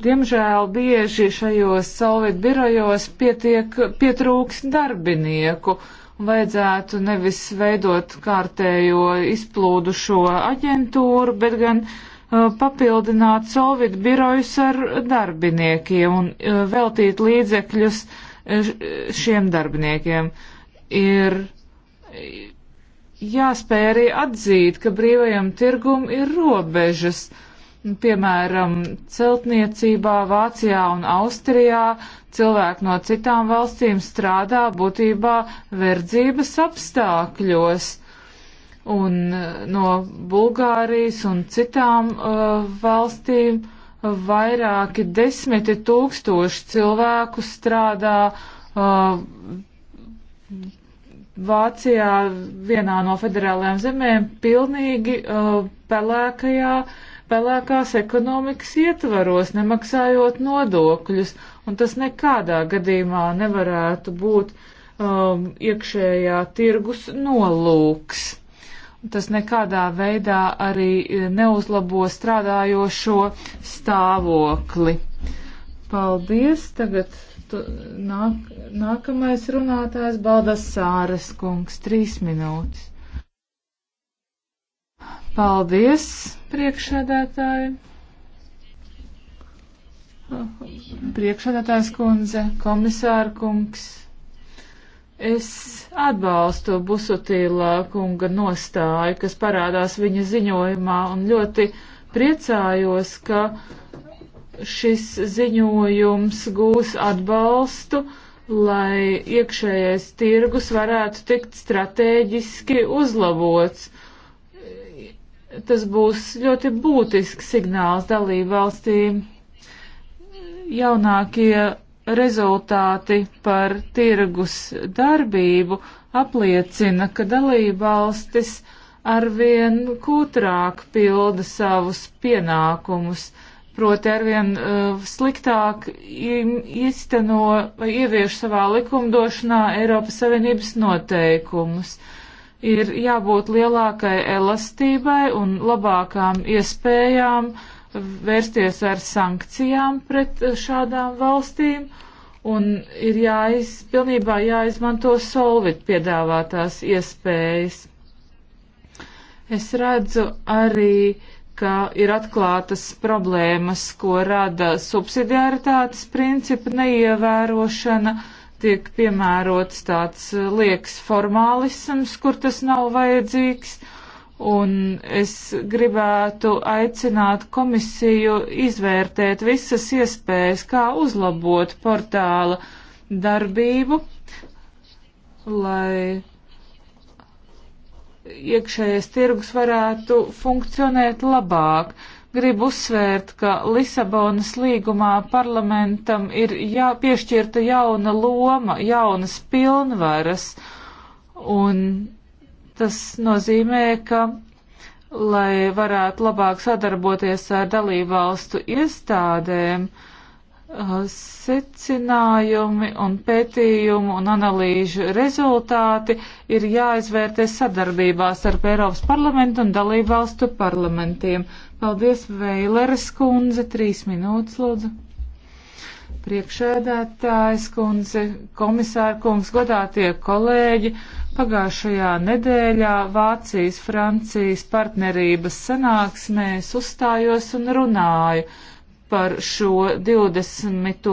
Diemžēl bieži šajos Solvit birojos pietiek, pietrūks darbinieku un vajadzētu nevis veidot kārtējo izplūdušo aģentūru, bet gan uh, papildināt Solvit birojus ar darbiniekiem un uh, veltīt līdzekļus uh, šiem darbiniekiem. Ir jāspēj arī atzīt, ka brīvajam tirgum ir robežas. Piemēram, celtniecībā Vācijā un Austrijā cilvēki no citām valstīm strādā būtībā verdzības apstākļos un eh, no Bulgārijas un citām uh, valstīm vairāki desmiti tūkstoši cilvēku strādā uh, Vācijā vienā no federālajām zemēm pilnīgi uh, pelēkajā, pelēkās ekonomikas ietvaros, nemaksājot nodokļus, un tas nekādā gadījumā nevarētu būt um, iekšējā tirgus nolūks tas nekādā veidā arī e, neuzlabo strādājošo stāvokli. Paldies! Tagad tu, nāk, nākamais runātājs Baldas Sāres kungs, trīs minūtes. Paldies, priekšsēdētāji! Priekšsēdētājs kundze, komisāra kungs Es atbalstu Busutīlā kunga nostāju, kas parādās viņa ziņojumā, un ļoti priecājos, ka šis ziņojums gūs atbalstu, lai iekšējais tirgus varētu tikt strateģiski uzlabots. Tas būs ļoti būtisks signāls dalību valstīm. Jaunākie rezultāti par tirgus darbību apliecina, ka dalībvalstis arvien kūtrāk pilda savus pienākumus, proti arvien uh, sliktāk īsteno vai ievieš savā likumdošanā Eiropas Savienības noteikumus. Ir jābūt lielākai elastībai un labākām iespējām uh, vērsties ar sankcijām pret eh, šādām valstīm un ir jāiz, pilnībā jāizmanto solvit piedāvātās iespējas. Es redzu arī, ka ir atklātas problēmas, ko rada subsidiaritātes principa neievērošana, tiek piemērots tāds eh, lieks formālisms, kur tas nav vajadzīgs Un es gribētu aicināt komisiju izvērtēt visas iespējas, kā uzlabot portāla darbību, lai iekšējais tirgus varētu funkcionēt labāk. Gribu uzsvērt, ka Lisabonas līgumā parlamentam ir jā, piešķirta jauna loma, jaunas pilnvaras, un Tas nozīmē, ka, lai varētu labāk sadarboties ar dalībvalstu iestādēm, uh, secinājumi un pētījumu un analīžu rezultāti ir jāizvērtē sadarbībās ar Eiropas parlamentu un dalībvalstu parlamentiem. Paldies, Veileres kundze, trīs minūtes lūdzu. Priekšēdētājs kundze, komisāra kungs, godātie kolēģi. Pagājušajā nedēļā Vācijas, Francijas partnerības sanāksmēs uzstājos un runāju par šo 20.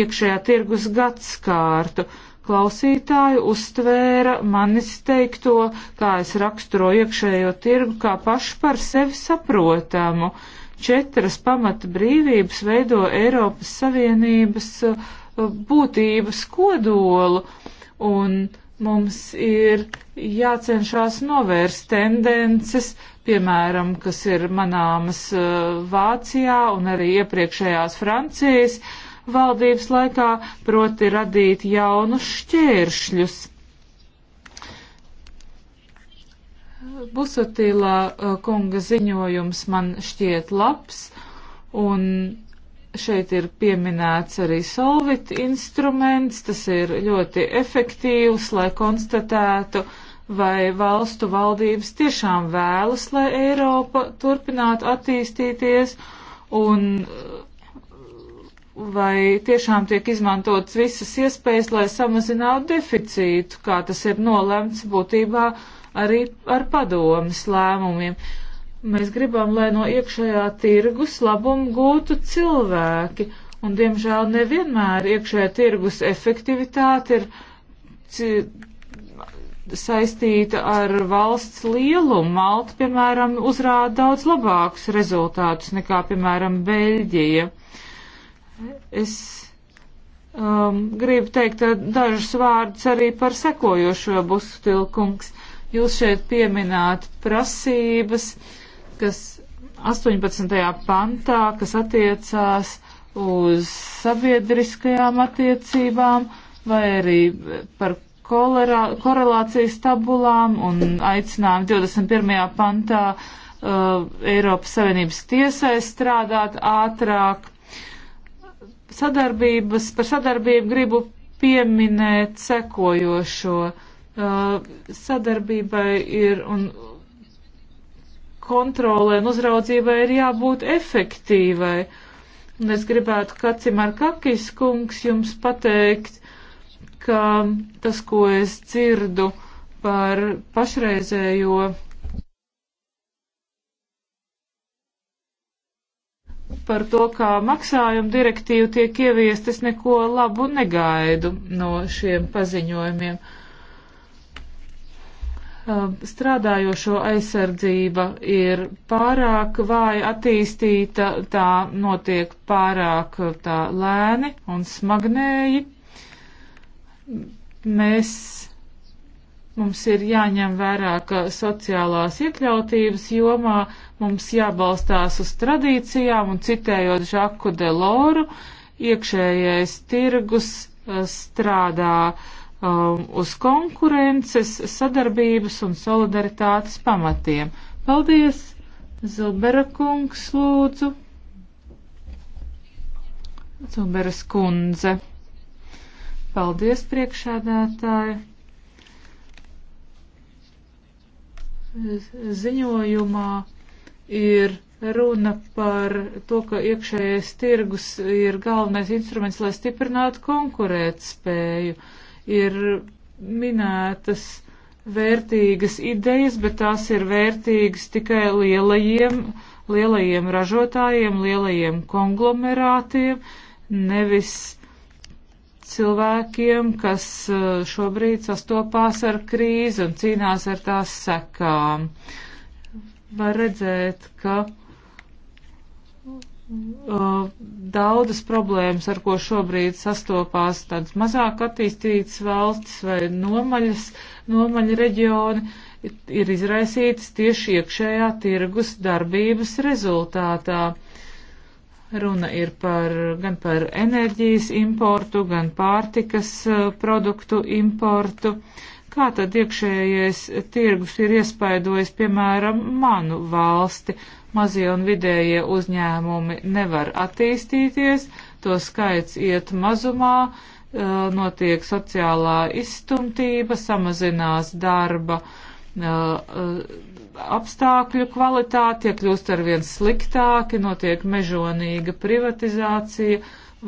iekšējā tirgus gadskārtu. Klausītāju uztvēra manis teikto, kā es raksturoju iekšējo tirgu, kā pašu par sevi saprotamu. Četras pamata brīvības veido Eiropas Savienības uh, būtības kodolu. Un, uh, Mums ir jācenšas novērst tendences, piemēram, kas ir manāmas eh, Vācijā un arī iepriekšējās Francijas valdības laikā, proti radīt jaunus šķēršļus. Busotīlā eh, kunga ziņojums man šķiet labs un Šeit ir pieminēts arī solvit instruments, tas ir ļoti efektīvs, lai konstatētu, vai valstu valdības tiešām vēlas, lai Eiropa turpinātu attīstīties un uh, vai tiešām tiek izmantotas visas iespējas, lai samazinātu deficītu, kā tas ir nolemts būtībā arī ar padomas lēmumiem. Uh, Mēs gribam, lai no iekšējā tirgus labumu gūtu cilvēki, un diemžēl nevienmēr iekšējā tirgus efektivitāte ir saistīta ar valsts lielumu. Malta, piemēram, uzrāda daudz labākus rezultātus nekā, piemēram, Beļģija. Es um, gribu teikt dažus vārdus arī par sekojošo busu tilkungs. Jūs šeit piemināt prasības. Uh, kas 18. pantā, kas attiecās uz sabiedriskajām attiecībām vai arī par kolerā, korelācijas tabulām un aicinājumu 21. pantā uh, Eiropas Savienības tiesai strādāt ātrāk. Sadarbības, par sadarbību gribu pieminēt sekojošo. Uh, sadarbībai ir un kontrolē un uzraudzībai ir jābūt efektīvai. Un es gribētu Kacimar Kakis kungs jums pateikt, ka tas, ko es dzirdu par pašreizējo par to, kā maksājuma direktīva tiek ieviest, es neko labu negaidu no šiem paziņojumiem. Uh, Um, strādājošo aizsardzība ir pārāk vāja attīstīta, tā notiek pārāk uh, tā lēni un smagnēji. Mēs, mums ir jāņem vērā, ka sociālās iekļautības jomā mums jābalstās uz tradīcijām un citējot Žaku Deloru, iekšējais tirgus uh, strādā uh, um, uz konkurences, sadarbības un solidaritātes pamatiem. Paldies! Zubera kungs lūdzu. Zuberas kundze. Paldies, priekšādātāji. Ziņojumā ir runa par to, ka iekšējais tirgus ir galvenais instruments, lai stiprinātu konkurētspēju. spēju ir minētas vērtīgas idejas, bet tās ir vērtīgas tikai lielajiem, lielajiem ražotājiem, lielajiem konglomerātiem, nevis cilvēkiem, kas eh, šobrīd sastopās ar krīzi un cīnās ar tās sekām. Var redzēt, ka daudzas problēmas, ar ko šobrīd sastopās tādas mazāk attīstītas valstis vai nomaļas, nomaļa reģioni, ir izraisītas tieši iekšējā tirgus darbības rezultātā. Runa ir par, gan par enerģijas importu, gan pārtikas e, produktu importu. Kā tad iekšējais tirgus ir iespaidojis, piemēram, manu valsti? Mazie un vidējie uzņēmumi nevar attīstīties, to skaits iet mazumā, eh, notiek sociālā izstumtība, samazinās darba eh, eh, apstākļu kvalitāte, tie kļūst arvien sliktāki, notiek mežonīga privatizācija,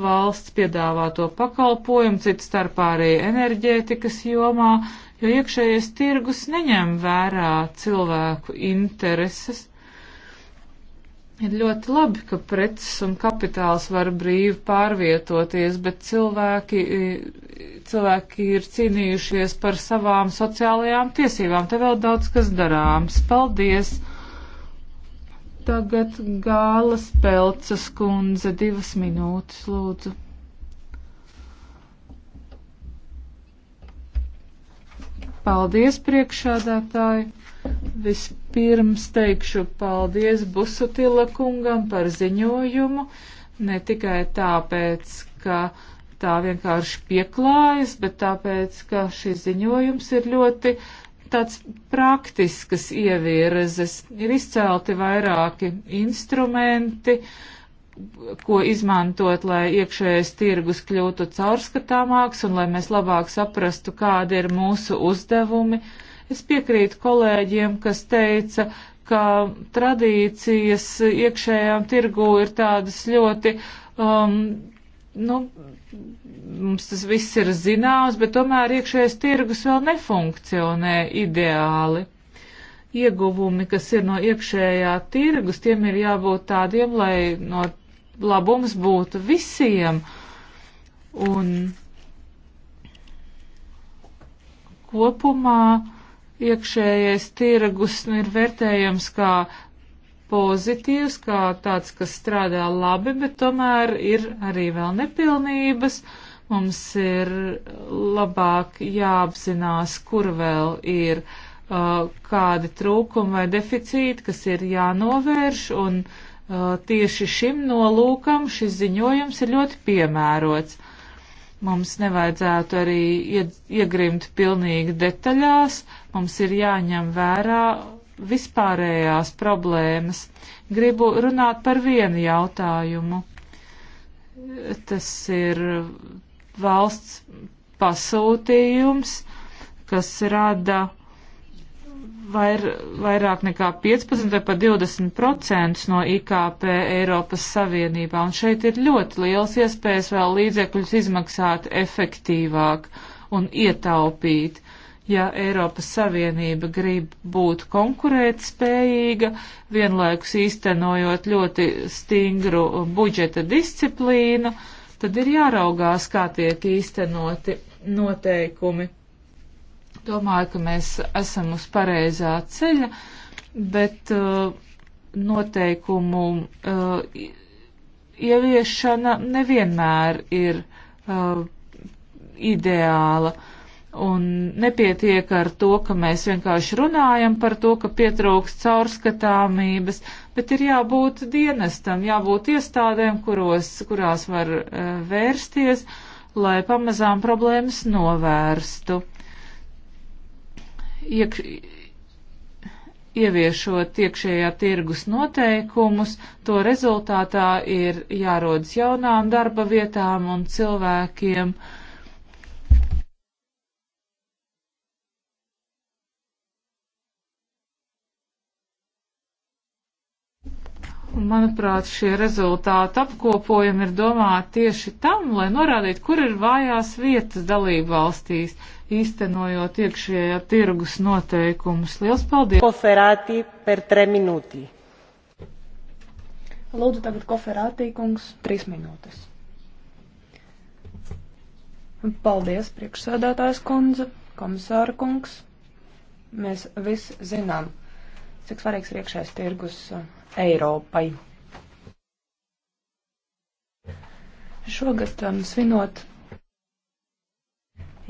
valsts piedāvā to pakalpojumu, cits starpā arī enerģētikas jomā, jo iekšējais tirgus neņem vērā cilvēku intereses. Ir ļoti labi, ka preces un kapitāls var brīvi pārvietoties, bet cilvēki, cilvēki ir cīnījušies par savām sociālajām tiesībām. Te vēl daudz kas darāms. Paldies! Tagad gāla spēlcas kundze divas minūtes, lūdzu. Paldies, priekšādātāji! Vispirms teikšu paldies Busutila kungam par ziņojumu, ne tikai tāpēc, ka tā vienkārši pieklājas, bet tāpēc, ka šis ziņojums ir ļoti tāds praktiskas ievirzes. Ir izcelti vairāki instrumenti, ko izmantot, lai iekšējais tirgus kļūtu caurskatāmāks un lai mēs labāk saprastu, kādi ir mūsu uzdevumi Es piekrītu kolēģiem, kas teica, ka tradīcijas iekšējām tirgū ir tādas ļoti, um, nu, mums tas viss ir zināms, bet tomēr iekšējais tirgus vēl nefunkcionē ideāli ieguvumi, kas ir no iekšējā tirgus, tiem ir jābūt tādiem, lai no labums būtu visiem. Un kopumā iekšējais tirgus ir vērtējams kā pozitīvs, kā tāds, kas strādā labi, bet tomēr ir arī vēl nepilnības. Mums ir labāk jāapzinās, kur vēl ir uh, kādi trūkumi vai deficīti, kas ir jānovērš, un uh, tieši šim nolūkam šis ziņojums ir ļoti piemērots. Mums nevajadzētu arī iegrimt pilnīgi detaļās, mums ir jāņem vērā vispārējās problēmas. Gribu runāt par vienu jautājumu. Tas ir valsts pasūtījums, kas rada uh, vair, vairāk nekā 15 vai pat 20% no IKP Eiropas Savienībā, un šeit ir ļoti liels iespējas vēl līdzekļus izmaksāt efektīvāk un ietaupīt. Ja Eiropas Savienība grib būt konkurētspējīga, vienlaikus īstenojot ļoti stingru budžeta disciplīnu, tad ir jāraugās, kā tiek īstenoti noteikumi Domāju, ka mēs esam uz pareizā ceļa, bet uh, noteikumu uh, ieviešana nevienmēr ir uh, ideāla. Un nepietiek ar to, ka mēs vienkārši runājam par to, ka pietrūks caurskatāmības, bet ir jābūt dienestam, jābūt iestādēm, kuros, kurās var uh, vērsties, lai pamazām problēmas novērstu iek, ieviešot iekšējā tirgus noteikumus, to rezultātā ir jārodas jaunām darba vietām un cilvēkiem. Manuprāt, šie rezultāti apkopojumi ir domāti tieši tam, lai norādītu, kur ir vājās vietas dalību valstīs. Uh, īstenojot iekšējā tirgus noteikumus. Liels paldies! Koferāti per tre minūti. Lūdzu tagad koferātī, kungs, trīs minūtes. Paldies, priekšsēdētājs kundze, komisāra kungs. Mēs visi zinām, cik svarīgs ir iekšējais tirgus uh, Eiropai. Šogad um, svinot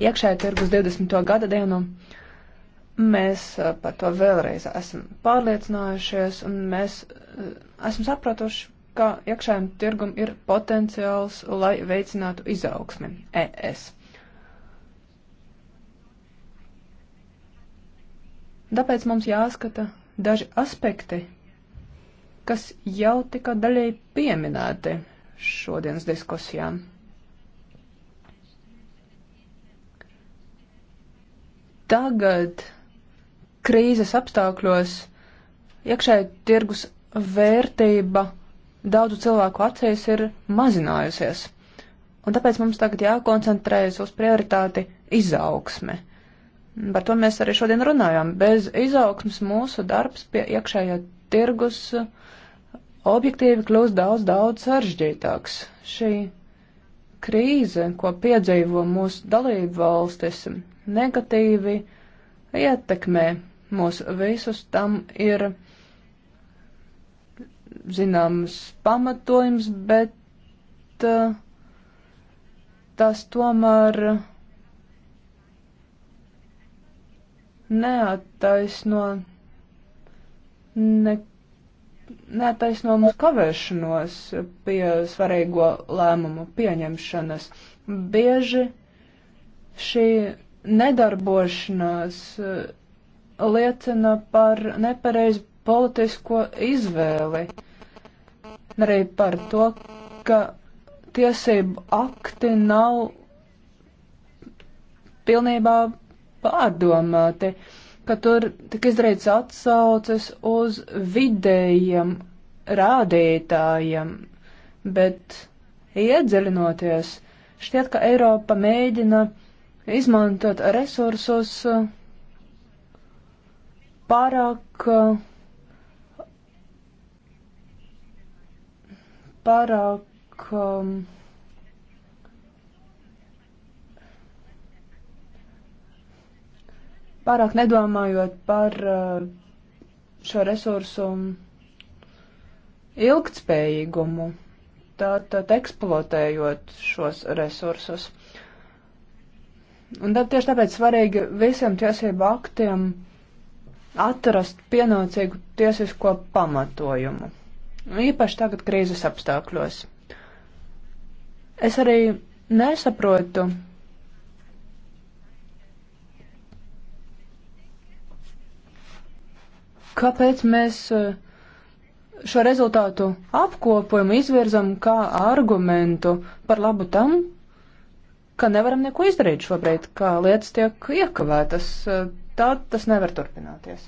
iekšējā tirgus 20. gada dienu. Mēs uh, par to vēlreiz esam pārliecinājušies, un mēs uh, esam sapratuši, ka iekšējiem tirgum ir potenciāls, lai veicinātu izaugsmi ES. Tāpēc mums jāskata daži aspekti, kas jau tika daļai pieminēti šodienas diskusijām. Tagad krīzes apstākļos iekšēji tirgus vērtība daudzu cilvēku acīs ir mazinājusies. Un tāpēc mums tagad jākoncentrējas uz prioritāti izaugsme. Par to mēs arī šodien runājām. Bez izaugsmes mūsu darbs pie iekšējā tirgus objektīvi kļūst daudz, daudz saržģītāks. Šī krīze, ko piedzīvo mūsu dalību valstis, negatīvi ietekmē mūs visus. Tam ir zināms pamatojums, bet uh, tas tomēr neattaisno nekā neataisno mūsu kavēšanos pie svarīgo lēmumu pieņemšanas. Bieži šī nedarbošanās eh, liecina par nepareizu politisko izvēli, arī par to, ka tiesību akti nav pilnībā pārdomāti, ka tur tik izdarīts atsauces uz vidējiem rādītājiem, bet iedziļinoties, šķiet, ka Eiropa mēģina uh, izmantot resursus pārāk, pārāk um, pārāk nedomājot par uh, šo resursu ilgtspējīgumu, tātad eksploatējot šos resursus. Un tad tieši tāpēc svarīgi visiem tiesību aktiem atrast pienācīgu tiesisko pamatojumu. Īpaši tagad krīzes apstākļos. Es arī nesaprotu. Kāpēc mēs eh, šo rezultātu apkopojam, izvirzam kā argumentu par labu tam, ka nevaram neko izdarīt šobrīd, kā lietas tiek iekavētas. Tā tas nevar turpināties.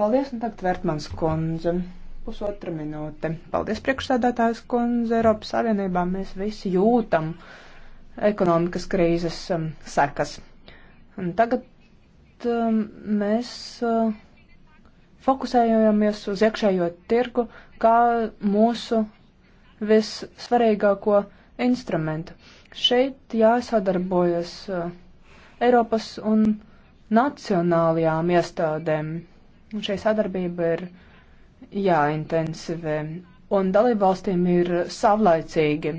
Paldies, un tagad Vērtmans kundze. Pusotra minūte. Paldies, priekšsēdētājs kundze. Eiropas Savienībā mēs visi jūtam ekonomikas krīzes um, sekas. Un tagad um, mēs uh, fokusējamies uz iekšējo tirgu kā mūsu vissvarīgāko instrumentu. Šeit jāsadarbojas eh, Eiropas un nacionālajām iestādēm. Un šī sadarbība ir jāintensivē, un dalībvalstīm ir savlaicīgi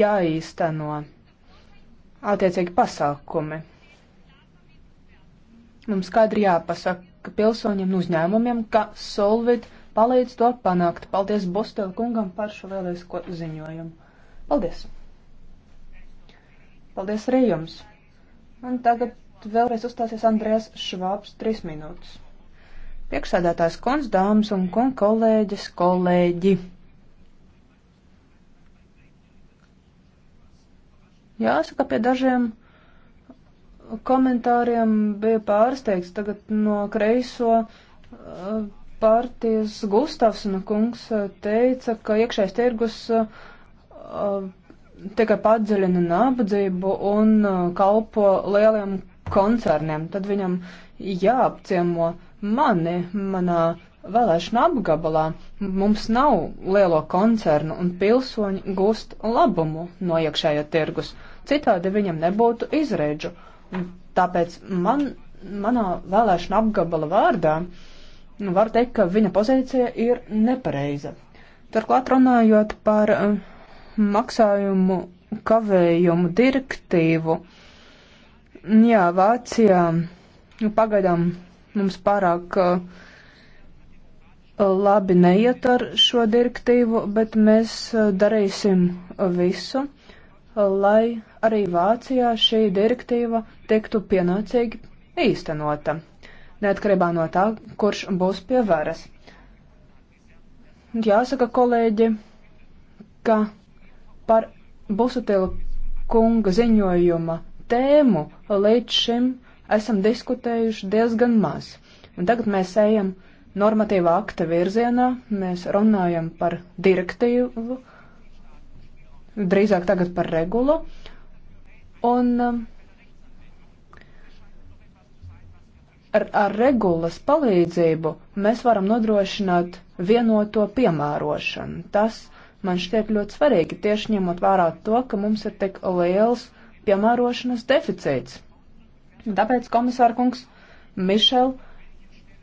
jāīsteno attiecīgi pasākumi. Mums skaidri jāpasaka pilsoņiem un uzņēmumiem, ka Solvid palīdz to panākt. Paldies Bostel kungam par šo vēlēsko ziņojumu. Paldies! Paldies arī jums. Un tagad vēlreiz uzstāsies Andrēs Švāps, trīs minūtes. Priekšsēdētājs kons, dāmas un kon kolēģis, kolēģi. Jāsaka, pie dažiem komentāriem bija pārsteigts tagad no kreiso uh, partijas Gustavsona kungs uh, teica, ka iekšējais tirgus uh, tikai padziļina nabadzību un uh, kalpo lieliem koncerniem, tad viņam jāapciemo mani manā vēlēšana apgabalā. Mums nav lielo koncernu un pilsoņi gūst labumu no iekšējā tirgus. Citādi viņam nebūtu izreidžu. Tāpēc man, manā vēlēšana apgabala vārdā var teikt, ka viņa pozīcija ir nepareiza. Turklāt runājot par uh, maksājumu kavējumu direktīvu. Jā, Vācijā pagaidām mums pārāk uh, labi neiet ar šo direktīvu, bet mēs uh, darīsim visu, lai arī Vācijā šī direktīva tiktu pienācīgi īstenota, neatkarībā no tā, kurš būs pie varas. Jāsaka, kolēģi, ka par Busutila kunga ziņojuma tēmu līdz šim esam diskutējuši diezgan maz. Un tagad mēs ejam normatīvā akta virzienā, mēs runājam par direktīvu, drīzāk tagad par regulu. Un um, ar, ar regulas palīdzību mēs varam nodrošināt vienoto piemērošanu. Tas man šķiet ļoti svarīgi, tieši ņemot vērā to, ka mums ir tik liels piemērošanas deficīts. Tāpēc, komisāra kungs, Mišel,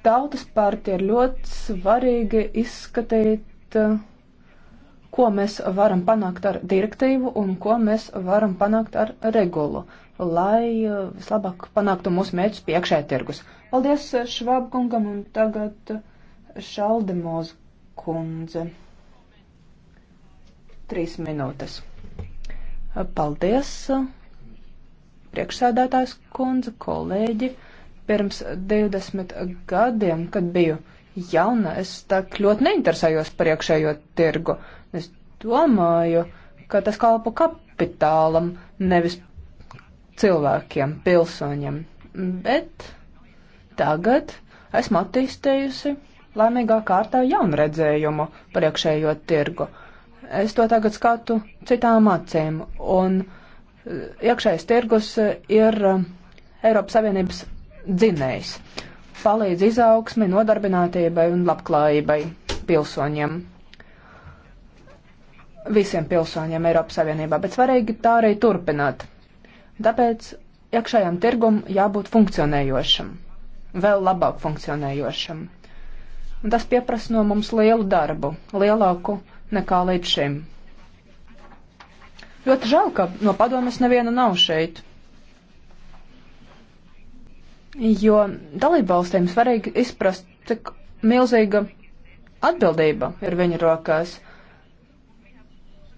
tautas partija ir ļoti svarīgi izskatīt, eh, ko mēs varam panākt ar direktīvu un ko mēs varam panākt ar regulu, lai eh, vislabāk panāktu mūsu mērķus piekšē tirgus. Paldies eh, Švābkungam un tagad Šaldemos kundze. Trīs minūtes. Paldies, priekšsēdētājs kundze, kolēģi. Pirms 20 gadiem, kad biju jauna, es tā ļoti neinteresējos par iekšējo tirgu. Es domāju, ka tas kalpo kapitālam, nevis cilvēkiem, pilsoņiem. Bet tagad esmu attīstījusi laimīgā kārtā jaunu redzējumu par iekšējo tirgu es to tagad skatu citām acīm. Un eh, iekšējais tirgus eh, ir eh, Eiropas Savienības dzinējs. Palīdz izaugsmi, nodarbinātībai un labklājībai pilsoņiem. Visiem pilsoņiem Eiropas Savienībā, bet svarīgi tā arī turpināt. Tāpēc iekšējām tirgum jābūt funkcionējošam, vēl labāk funkcionējošam. Un tas pieprasa no mums lielu darbu, lielāku nekā līdz šim. Ļoti žēl, ka no padomes neviena nav šeit. Jo dalībvalstīm svarīgi izprast, cik milzīga atbildība ir viņu rokās,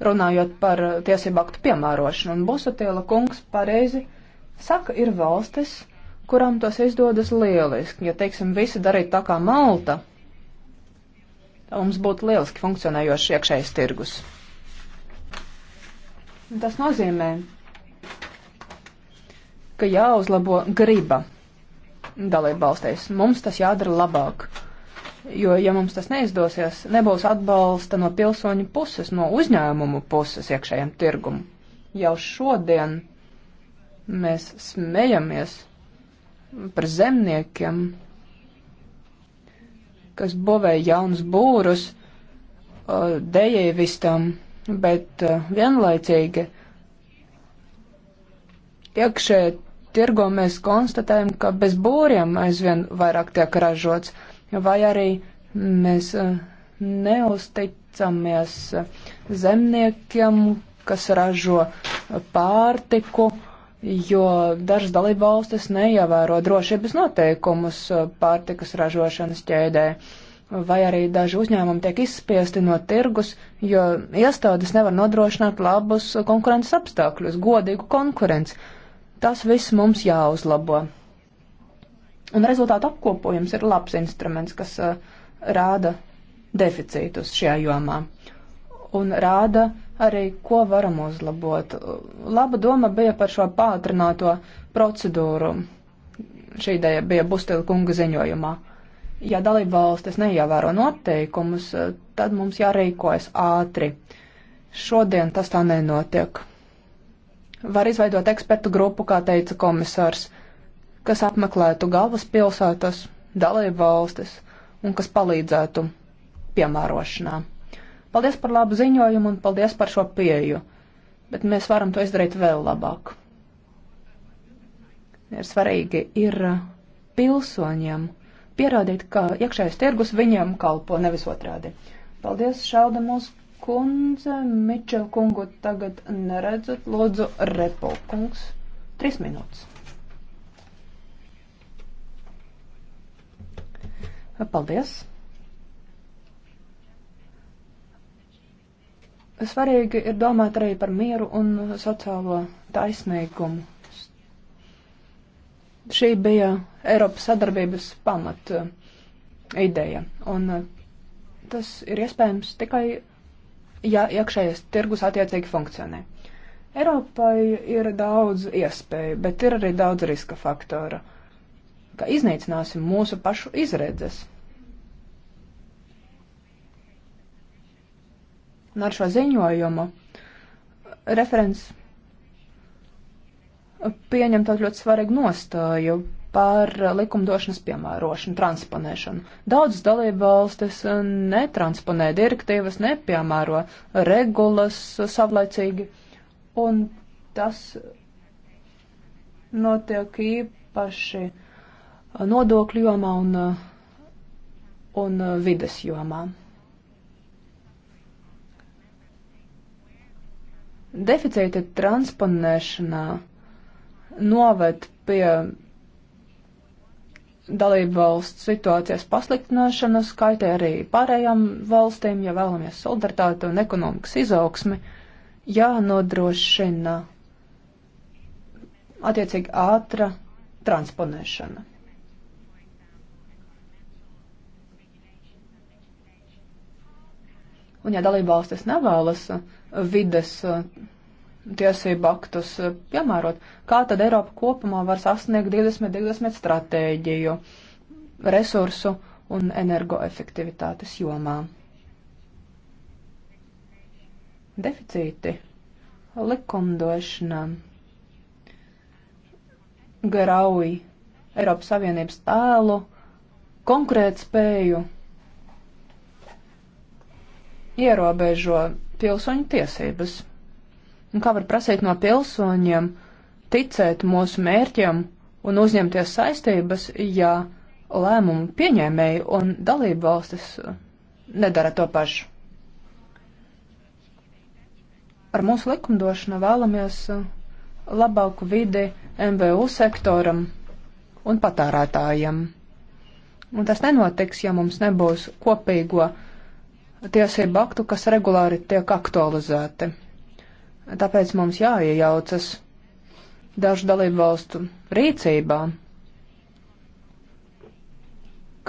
runājot par tiesību aktu piemērošanu. Un Busatiela kungs pareizi saka, ir valstis, kurām tas izdodas lieliski. Ja, teiksim, visi darītu tā kā Malta, mums būtu lieliski funkcionējošs iekšējs tirgus. Tas nozīmē, ka jāuzlabo griba dalība valstīs. Mums tas jādara labāk, jo, ja mums tas neizdosies, nebūs atbalsta no pilsoņu puses, no uzņēmumu puses iekšējiem tirgumu. Jau šodien mēs smejamies par zemniekiem, kas bovēja jaunus būrus uh, dejēvistam, bet uh, vienlaicīgi iekšē tirgo mēs konstatējam, ka bez būriem aizvien vairāk tiek ražots, vai arī mēs uh, neusticamies zemniekiem, kas ražo uh, pārtiku. Uh, jo dažas dalībvalstis neievēro drošības noteikumus eh, pārtikas ražošanas ķēdē, vai arī daži uzņēmumi tiek izspiesti no tirgus, jo iestādes nevar nodrošināt labus konkurences apstākļus, godīgu konkurenci. Tas viss mums jāuzlabo. Un rezultātu apkopojums ir labs instruments, kas eh, rāda deficītus šajā jomā un rāda arī, ko varam uzlabot. Laba doma bija par šo pātrināto procedūru. Šī ideja bija Bustila kunga ziņojumā. Ja dalība valstis neievēro noteikumus, tad mums jārīkojas ātri. Šodien tas tā nenotiek. Var izveidot ekspertu grupu, kā teica komisārs, kas apmeklētu galvaspilsētas, dalību valstis un kas palīdzētu piemērošanā. Paldies par labu ziņojumu un paldies par šo pieju, bet mēs varam to izdarīt vēl labāk. Ir svarīgi ir uh, pilsoņiem pierādīt, ka iekšējais tirgus viņiem kalpo nevis otrādi. Paldies, Šauda mūsu kundze, Mičel kungu tagad neredzat, lūdzu, Repo kungs, trīs minūtes. Paldies! Svarīgi ir domāt arī par mieru un sociālo taisnīgumu. Šī bija Eiropas sadarbības pamat uh, ideja, un uh, tas ir iespējams tikai, ja iekšējais tirgus attiecīgi funkcionē. Eiropai ir daudz iespēju, bet ir arī daudz riska faktora, ka iznīcināsim mūsu pašu izredzes Un ar šo ziņojumu referents pieņem tādu ļoti svarīgu nostāju par likumdošanas piemērošanu, transponēšanu. Daudzas dalībvalstis netransponē direktīvas, nepiemēro regulas savlaicīgi, un tas notiek īpaši nodokļu jomā un, un vides jomā. Deficīti transponēšanā noved pie dalību valsts situācijas pasliktināšanas, kaitē arī pārējām valstīm, ja vēlamies solidaritāti un ekonomikas izaugsmi, jānodrošina attiecīgi ātra transponēšana. Un ja dalībvalstis nevēlas uh, vides uh, tiesību aktus uh, piemērot, kā tad Eiropa kopumā var sasniegt 2020 stratēģiju resursu un energoefektivitātes jomā? Deficīti likumdošanā grauj Eiropas Savienības tēlu, konkurētspēju ierobežo pilsoņu tiesības. Un kā var prasīt no pilsoņiem ticēt mūsu mērķiem un uzņemties saistības, ja lēmumu pieņēmēji un dalību valstis nedara to pašu? Ar mūsu likumdošanu vēlamies labāku vidi MVU sektoram un patērētājiem. Un tas nenotiks, ja mums nebūs kopīgo tiesību aktu, kas regulāri tiek aktualizēti. Tāpēc mums jāiejaucas dažu dalību valstu rīcībā,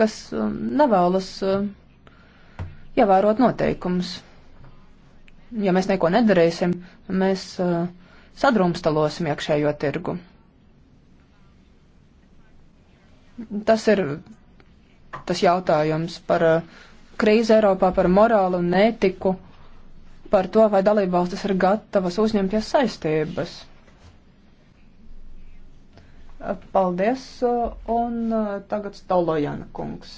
kas um, nevēlas um, ievērot noteikumus. Ja mēs neko nedarīsim, mēs uh, sadrumstalosim iekšējo tirgu. Tas ir tas jautājums par uh, krīze Eiropā par morālu un ētiku, par to, vai dalībvalstis ir gatavas uzņemties saistības. Paldies, un tagad Stolojana kungs,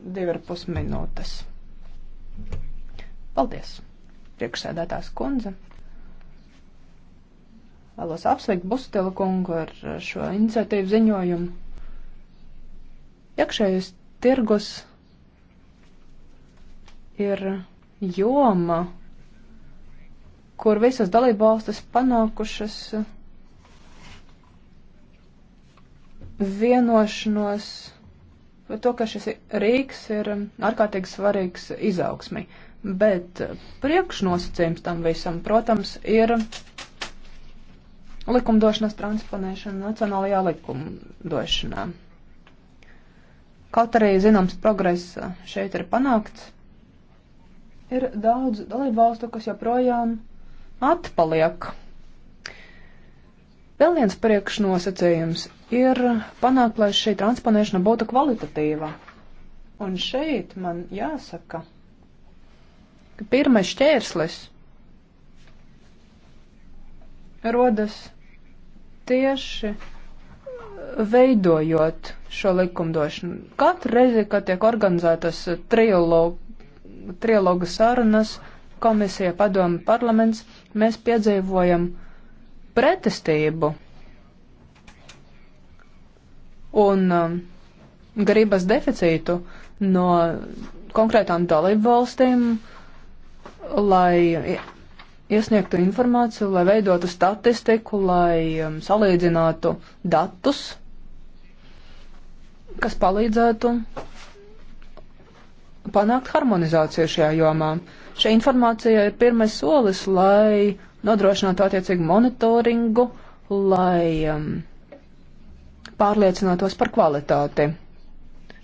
divi ar pus minūtes. Paldies, priekšsēdētās kundze. Vēlos apsveikt Bustelu kungu ar šo iniciatīvu ziņojumu. Iekšējais tirgus ir joma, kur visas dalībvalstis panākušas vienošanos par to, ka šis Rīgas ir ārkārtīgi svarīgs izaugsmai. Bet priekšnosacījums tam visam, protams, ir likumdošanas transponēšana nacionālajā likumdošanā. Kaut arī zināms progress šeit ir panākts, ir daudz dalībvalstu, kas joprojām atpaliek. Vēl viens priekšnosacījums ir panākt, lai šī transponēšana būtu kvalitatīva. Un šeit man jāsaka, ka pirmais šķērslis rodas tieši veidojot šo likumdošanu. Katru reizi, kad tiek organizētas trilogu trilogu sarunas, komisija, padomu, parlaments, mēs piedzīvojam pretestību un um, garības deficītu no konkrētām dalību valstīm, lai iesniegtu informāciju, lai veidotu statistiku, lai um, salīdzinātu datus, kas palīdzētu panākt harmonizāciju šajā jomā. Šī informācija ir pirmais solis, lai nodrošinātu attiecīgu monitoringu, lai um, pārliecinātos par kvalitāti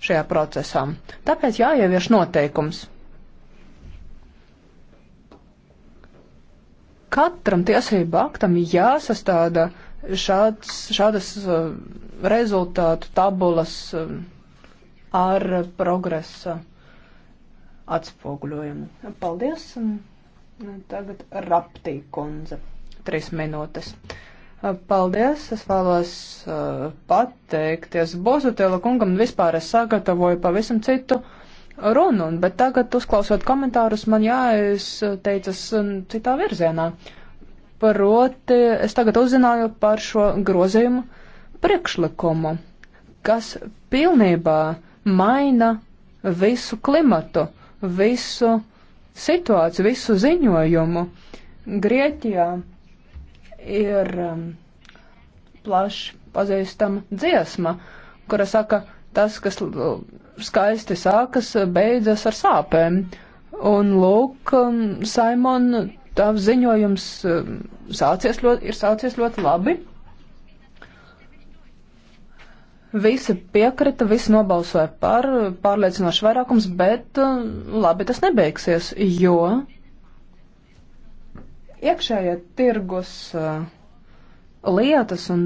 šajā procesā. Tāpēc jāievieš noteikums. Katram tiesību aktam jāsastāda šāds, šādas uh, rezultātu tabulas uh, ar progresa. Uh, atspoguļojumu. Paldies! Nu, tagad raptī kundze. Trīs minūtes. Paldies! Es vēlos uh, pateikties Bozutela kungam. Vispār es sagatavoju pavisam citu runu, bet tagad, uzklausot komentārus, man jāizteicas um, citā virzienā. Proti, es tagad uzzināju par šo grozījumu priekšlikumu, kas pilnībā maina visu klimatu. Uh, visu situāciju, visu ziņojumu. Grieķijā ir um, plaši pazīstama dziesma, kura saka, tas, kas skaisti sākas, beidzas ar sāpēm. Un lūk, um, Saimon, tavs ziņojums um, sācies ļoti, ir sācies ļoti labi. Visi piekrita, visi nobalsoja par, pārliecinoši vairākums, bet uh, labi tas nebeigsies, jo iekšējie tirgus uh, lietas un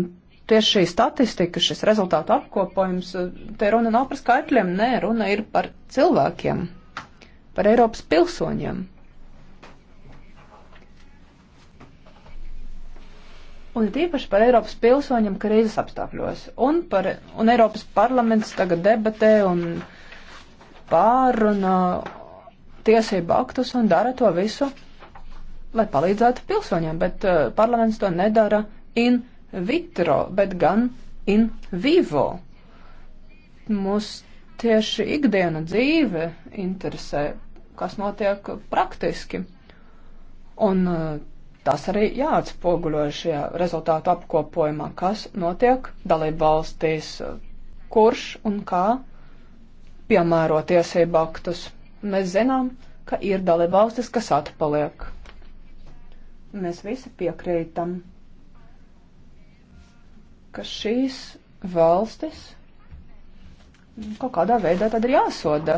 tieši šī statistika, šis rezultātu apkopojums, uh, te runa nav par skaitļiem, nē, runa ir par cilvēkiem, par Eiropas pilsoņiem. un tīpaši par Eiropas pilsoņiem krīzes apstākļos. Un, par, un Eiropas parlaments tagad debatē un pārunā tiesību aktus un dara to visu, lai palīdzētu pilsoņiem, bet uh, parlaments to nedara in vitro, bet gan in vivo. Mūs tieši ikdiena dzīve interesē, kas notiek praktiski. Un uh, Tas arī jāatspoguļo šajā rezultātu apkopojumā, kas notiek dalību valstīs, kurš un kā piemēro tiesību aktus. Mēs zinām, ka ir dalību valstis, kas atpaliek. Mēs visi piekrītam, ka šīs valstis kaut kādā veidā tad ir jāsoda.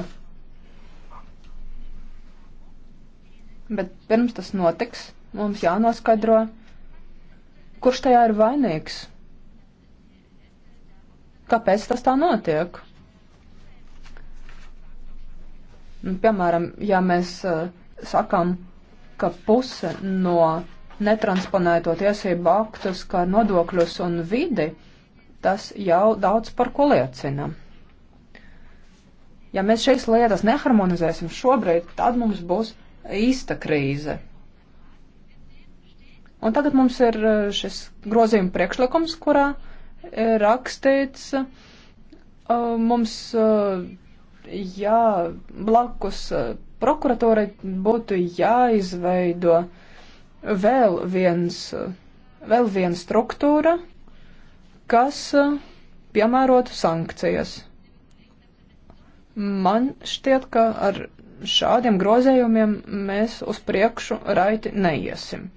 Bet pirms tas notiks, Mums jānoskaidro, kurš tajā ir vainīgs. Kāpēc tas tā notiek? Nu, piemēram, ja mēs uh, sakām, ka puse no netransponēto tiesību aktus, kā nodokļus un vidi, tas jau daudz par ko liecina. Ja mēs šīs lietas neharmonizēsim šobrīd, tad mums būs īsta krīze. Un tagad mums ir eh, šis grozījuma priekšlikums, kurā eh, rakstīts, eh, mums jā, blakus prokuratūrai būtu jāizveido vēl viens, vēl viena struktūra, kas piemērotu sankcijas. Man šķiet, ka ar šādiem grozējumiem mēs uz priekšu raiti neiesim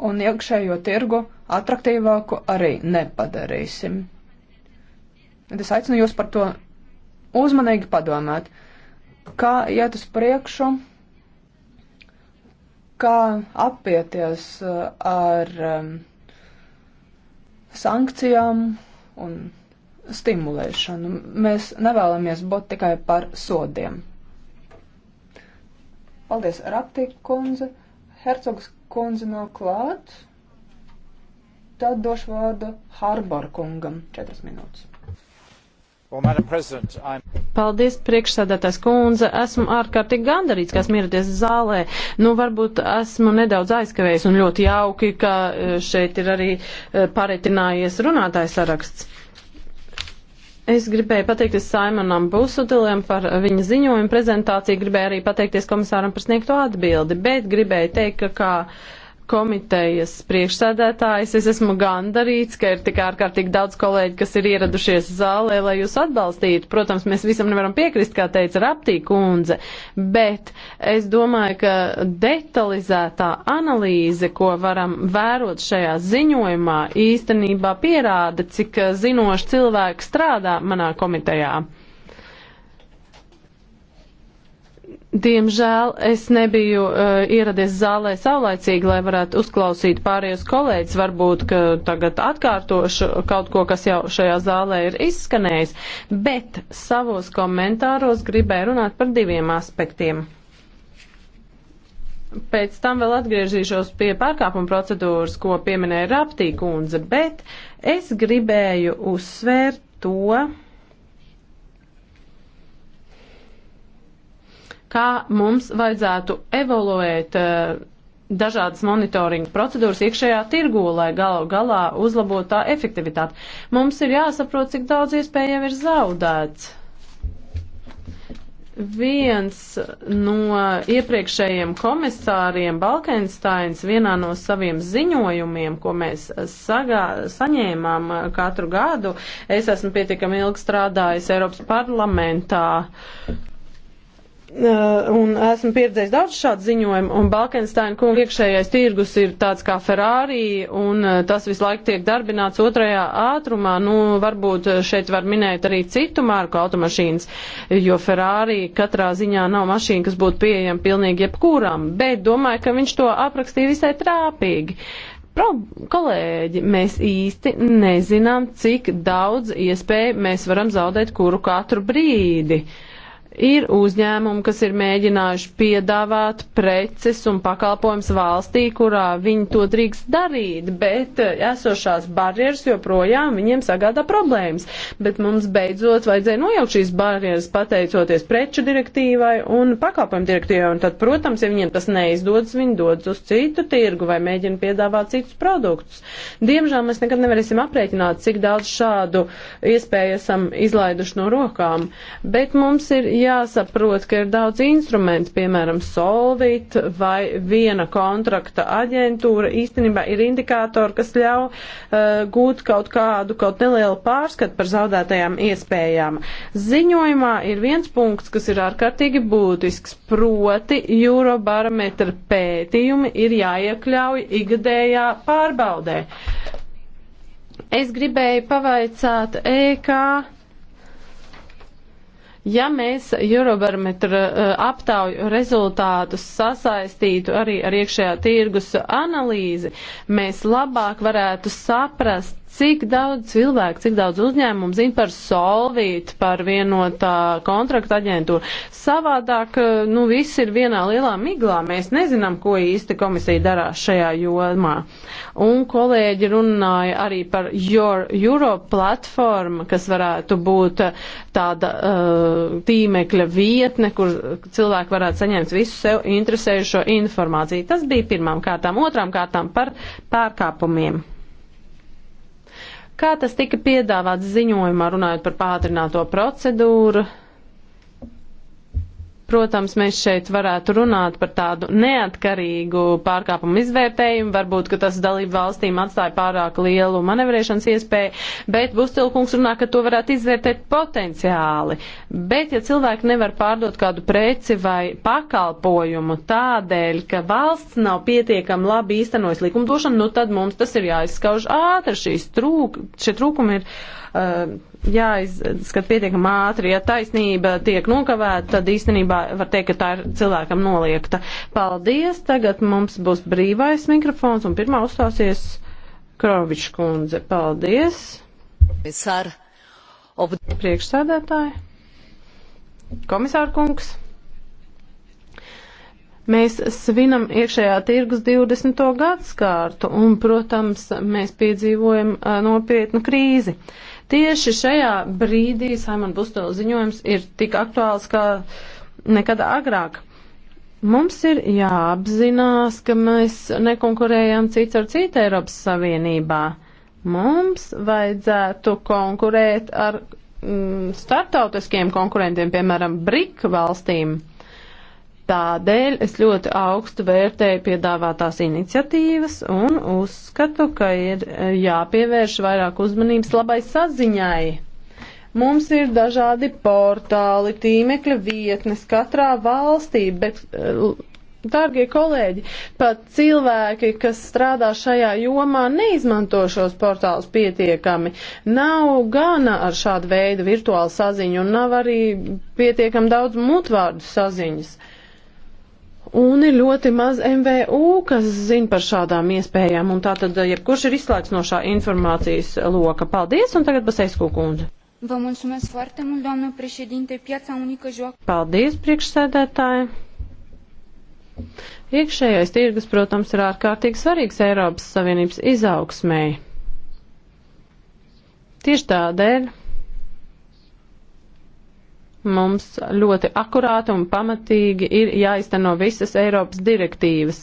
un iekšējo tirgu attraktīvāku arī nepadarīsim. Es aicinu jūs par to uzmanīgi padomāt, kā iet uz priekšu, kā apieties uh, ar um, sankcijām un stimulēšanu. Mēs nevēlamies būt tikai par sodiem. Paldies, Rapti kundze, Hercogs kundze nav klāt, tad došu vārdu Harbor kungam četras minūtes. Well, Paldies, priekšsēdētājs kundze. Esmu ārkārtīgi gandarīts, ka esmu ieradies zālē. Nu, varbūt esmu nedaudz aizkavējis un ļoti jauki, ka eh, šeit ir arī eh, paretinājies runātājs saraksts. Es gribēju pateikties Saimonam Būsudilim par viņa ziņojumu prezentāciju, gribēju arī pateikties komisāram par sniegto atbildi, bet gribēju teikt, ka kā komitejas priekšsēdētājs. Es esmu gandarīts, ka ir tik ārkārtīgi daudz kolēģi, kas ir ieradušies zālē, lai jūs atbalstītu. Protams, mēs visam nevaram piekrist, kā teica Raptī kundze, bet es domāju, ka detalizētā analīze, ko varam vērot šajā ziņojumā, īstenībā pierāda, cik zinoši cilvēki strādā manā komitejā. Diemžēl es nebiju uh, ieradies zālē saulaicīgi, lai varētu uzklausīt pārējos kolēģis. Varbūt, ka tagad atkārtošu kaut ko, kas jau šajā zālē ir izskanējis, bet savos komentāros gribēju runāt par diviem aspektiem. Pēc tam vēl atgriezīšos pie pārkāpuma procedūras, ko pieminēja Raptī kundze, bet es gribēju uzsvērt to, kā mums vajadzētu evoluēt eh, dažādas monitoringa procedūras iekšējā tirgū, lai galu galā uzlabotu tā efektivitāti. Mums ir jāsaprot, cik daudz iespēju jau ir zaudēts. Viens no iepriekšējiem komisāriem Balkensteins vienā no saviem ziņojumiem, ko mēs sagā, saņēmām eh, katru gadu, es esmu pietiekami ilgi strādājis Eiropas parlamentā, uh, Eh, un esmu pieredzējis daudz šādu ziņojumu, un Balkensteina kunga iekšējais tirgus ir tāds kā Ferrari, un eh, tas visu laiku tiek darbināts otrajā ātrumā. Nu, varbūt eh, šeit var minēt arī citu mārku automašīnas, jo Ferrari katrā ziņā nav mašīna, kas būtu pieejama pilnīgi jebkuram, bet domāju, ka viņš to aprakstīja visai trāpīgi. Pro, kolēģi, mēs īsti nezinām, cik daudz iespēju mēs varam zaudēt kuru katru brīdi. Uh, Ir uzņēmumi, kas ir mēģinājuši piedāvāt preces un pakalpojums valstī, kurā viņi to drīkst darīt, bet eh, esošās barjeras joprojām viņiem sagādā problēmas. Bet mums beidzot vajadzēja nojaukt šīs barjeras pateicoties preču direktīvai un pakalpojumu direktīvai. Un tad, protams, ja viņiem tas neizdodas, viņi dodas uz citu tirgu vai mēģina piedāvāt citus produktus. Diemžēl mēs nekad nevarēsim aprēķināt, cik daudz šādu iespēju esam izlaiduši no rokām. Bet mums ir jāsaprot, ka ir daudz instrumentu, piemēram, Solvit vai viena kontrakta aģentūra. Īstenībā ir indikātori, kas ļauj uh, gūt kaut kādu, kaut nelielu pārskatu par zaudētajām iespējām. Ziņojumā ir viens punkts, kas ir ārkārtīgi būtisks, proti Eurobarometra pētījumi ir jāiekļauj ikgadējā pārbaudē. Es gribēju pavaicāt EK Ja mēs Eurobarometra eh, aptauju rezultātus sasaistītu arī ar iekšējā tirgus analīzi, mēs labāk varētu saprast, Cik daudz cilvēku, cik daudz uzņēmumu zina par solvītu, par vienotā kontrakta aģentūru? Savādāk, eh, nu, viss ir vienā lielā miglā. Mēs nezinām, ko īsti komisija darās šajā jomā. Un kolēģi runāja arī par Your Europe platformu, kas varētu būt eh, tāda uh, tīmekļa vietne, kur cilvēki varētu saņemt visu sev interesējušo informāciju. Tas bija pirmām kārtām. Otrām kārtām par pārkāpumiem. Kā tas tika piedāvāts ziņojumā, runājot par pātrināto procedūru? Protams, mēs šeit varētu runāt par tādu neatkarīgu pārkāpumu izvērtējumu, varbūt, ka tas dalību valstīm atstāja pārāk lielu manevrēšanas iespēju, bet Bustilkungs runā, ka to varētu izvērtēt potenciāli. Bet, ja cilvēki nevar pārdot kādu preci vai pakalpojumu tādēļ, ka valsts nav pietiekami labi īstenojas likumdošanu, nu tad mums tas ir jāizskauž ātri, šīs trūk, šie trūkumi ir. Uh, jāizskat pietiekami ātri. Ja taisnība tiek nokavēta, tad īstenībā var teikt, ka tā ir cilvēkam noliekta. Paldies! Tagad mums būs brīvais mikrofons un pirmā uzstāsies Krovičs kundze. Paldies! Komisār. Ob... Priekšsēdētāji. Komisār kungs. Mēs svinam iekšējā tirgus 20. gadskārtu un, protams, mēs piedzīvojam nopietnu krīzi. Uh, Tieši šajā brīdī Saimon Bustola ziņojums ir tik aktuāls kā nekad agrāk. Mums ir jāapzinās, ka mēs nekonkurējam cits ar citu Eiropas Savienībā. Mums vajadzētu konkurēt ar mm, startautiskiem konkurentiem, piemēram, BRIK valstīm. Tādēļ es ļoti augstu vērtēju piedāvātās iniciatīvas un uzskatu, ka ir eh, jāpievērš vairāk uzmanības labai saziņai. Mums ir dažādi portāli, tīmekļa vietnes katrā valstī, bet eh, Dārgie kolēģi, pat cilvēki, kas strādā šajā jomā, neizmanto šos portālus pietiekami. Nav gana ar šādu veidu virtuālu saziņu un nav arī pietiekami daudz mutvārdu saziņas. Uh, Un ir ļoti maz MVU, kas zina par šādām iespējām, un tātad eh, jebkurš ir izslēgts no šā informācijas loka. Paldies, un tagad Basesku kundze. Vă mulțumesc foarte mult, doamnă președinte, piața unică joacă. Paldies, priekšsēdētāji. Iekšējais tirgus, protams, ir ārkārtīgi svarīgs Eiropas Savienības izaugsmēji. Tieši tādēļ mums ļoti akurāti un pamatīgi ir jāizteno visas Eiropas direktīvas.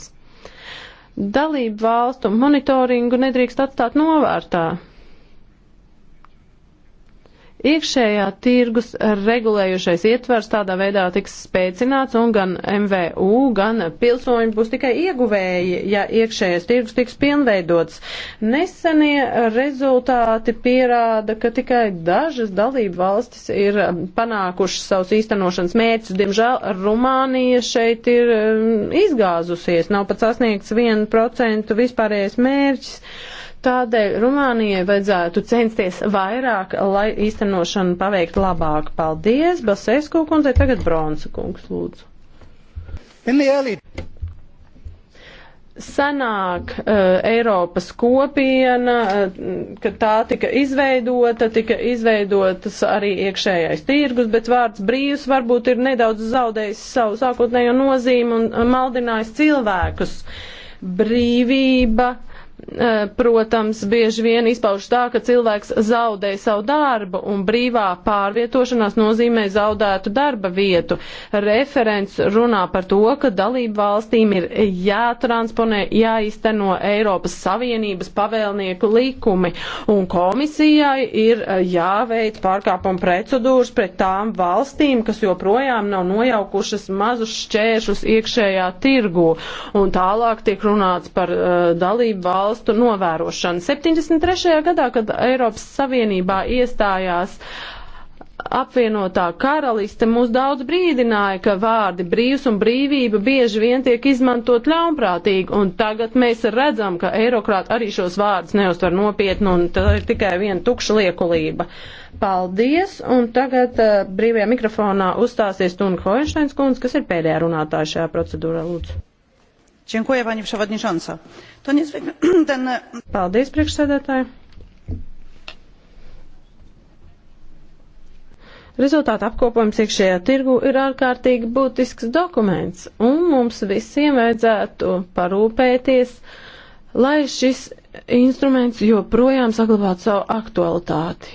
Dalību valstu monitoringu nedrīkst atstāt novārtā. Iekšējā tirgus regulējušais ietvers tādā veidā tiks spēcināts un gan MVU, gan pilsoņi būs tikai ieguvēji, ja iekšējais tirgus tiks pilnveidots. Nesenie rezultāti pierāda, ka tikai dažas dalību valstis ir panākušas savus īstenošanas mērķus. Diemžēl Rumānija šeit ir um, izgāzusies, nav pat sasniegts 1% vispārējais mērķis. Tādēļ Rumānijai vajadzētu censties vairāk, lai īstenošanu paveikt labāk. Paldies, Basēsku kundze, tagad Bronsa kungs, lūdzu. Senāk uh, Eiropas kopiena, uh, kad tā tika izveidota, tika izveidotas arī iekšējais tirgus, bet vārds brīvs varbūt ir nedaudz zaudējis savu sākotnējo nozīmi un maldinājis cilvēkus. Brīvība. Uh, Eh, protams, bieži vien izpauž tā, ka cilvēks zaudē savu darbu un brīvā pārvietošanās nozīmē zaudētu darba vietu. Referents runā par to, ka dalību valstīm ir jātransponē, jāizteno Eiropas Savienības pavēlnieku likumi un komisijai ir jāveic pārkāpuma procedūras pret tām valstīm, kas joprojām nav nojaukušas mazus šķēršus iekšējā tirgu. Un tālāk tiek runāts par uh, dalību valsts valstu novērošanu. 73. gadā, kad Eiropas Savienībā iestājās apvienotā karaliste mūs daudz brīdināja, ka vārdi brīvs un brīvība bieži vien tiek izmantot ļaunprātīgi, un tagad mēs redzam, ka eirokrāti arī šos vārdus neuztver nopietni, un tā ir tikai viena tukša liekulība. Paldies, un tagad uh, brīvajā mikrofonā uzstāsies Tuna Hoensteins kundze, kas ir pēdējā runātāja šajā procedūrā, lūdzu. E, Paldies, priekšsēdētāji! Rezultātu apkopojums iekšējā tirgu ir ārkārtīgi būtisks dokuments, un mums visiem vajadzētu parūpēties, lai šis instruments joprojām saglabātu savu aktualitāti.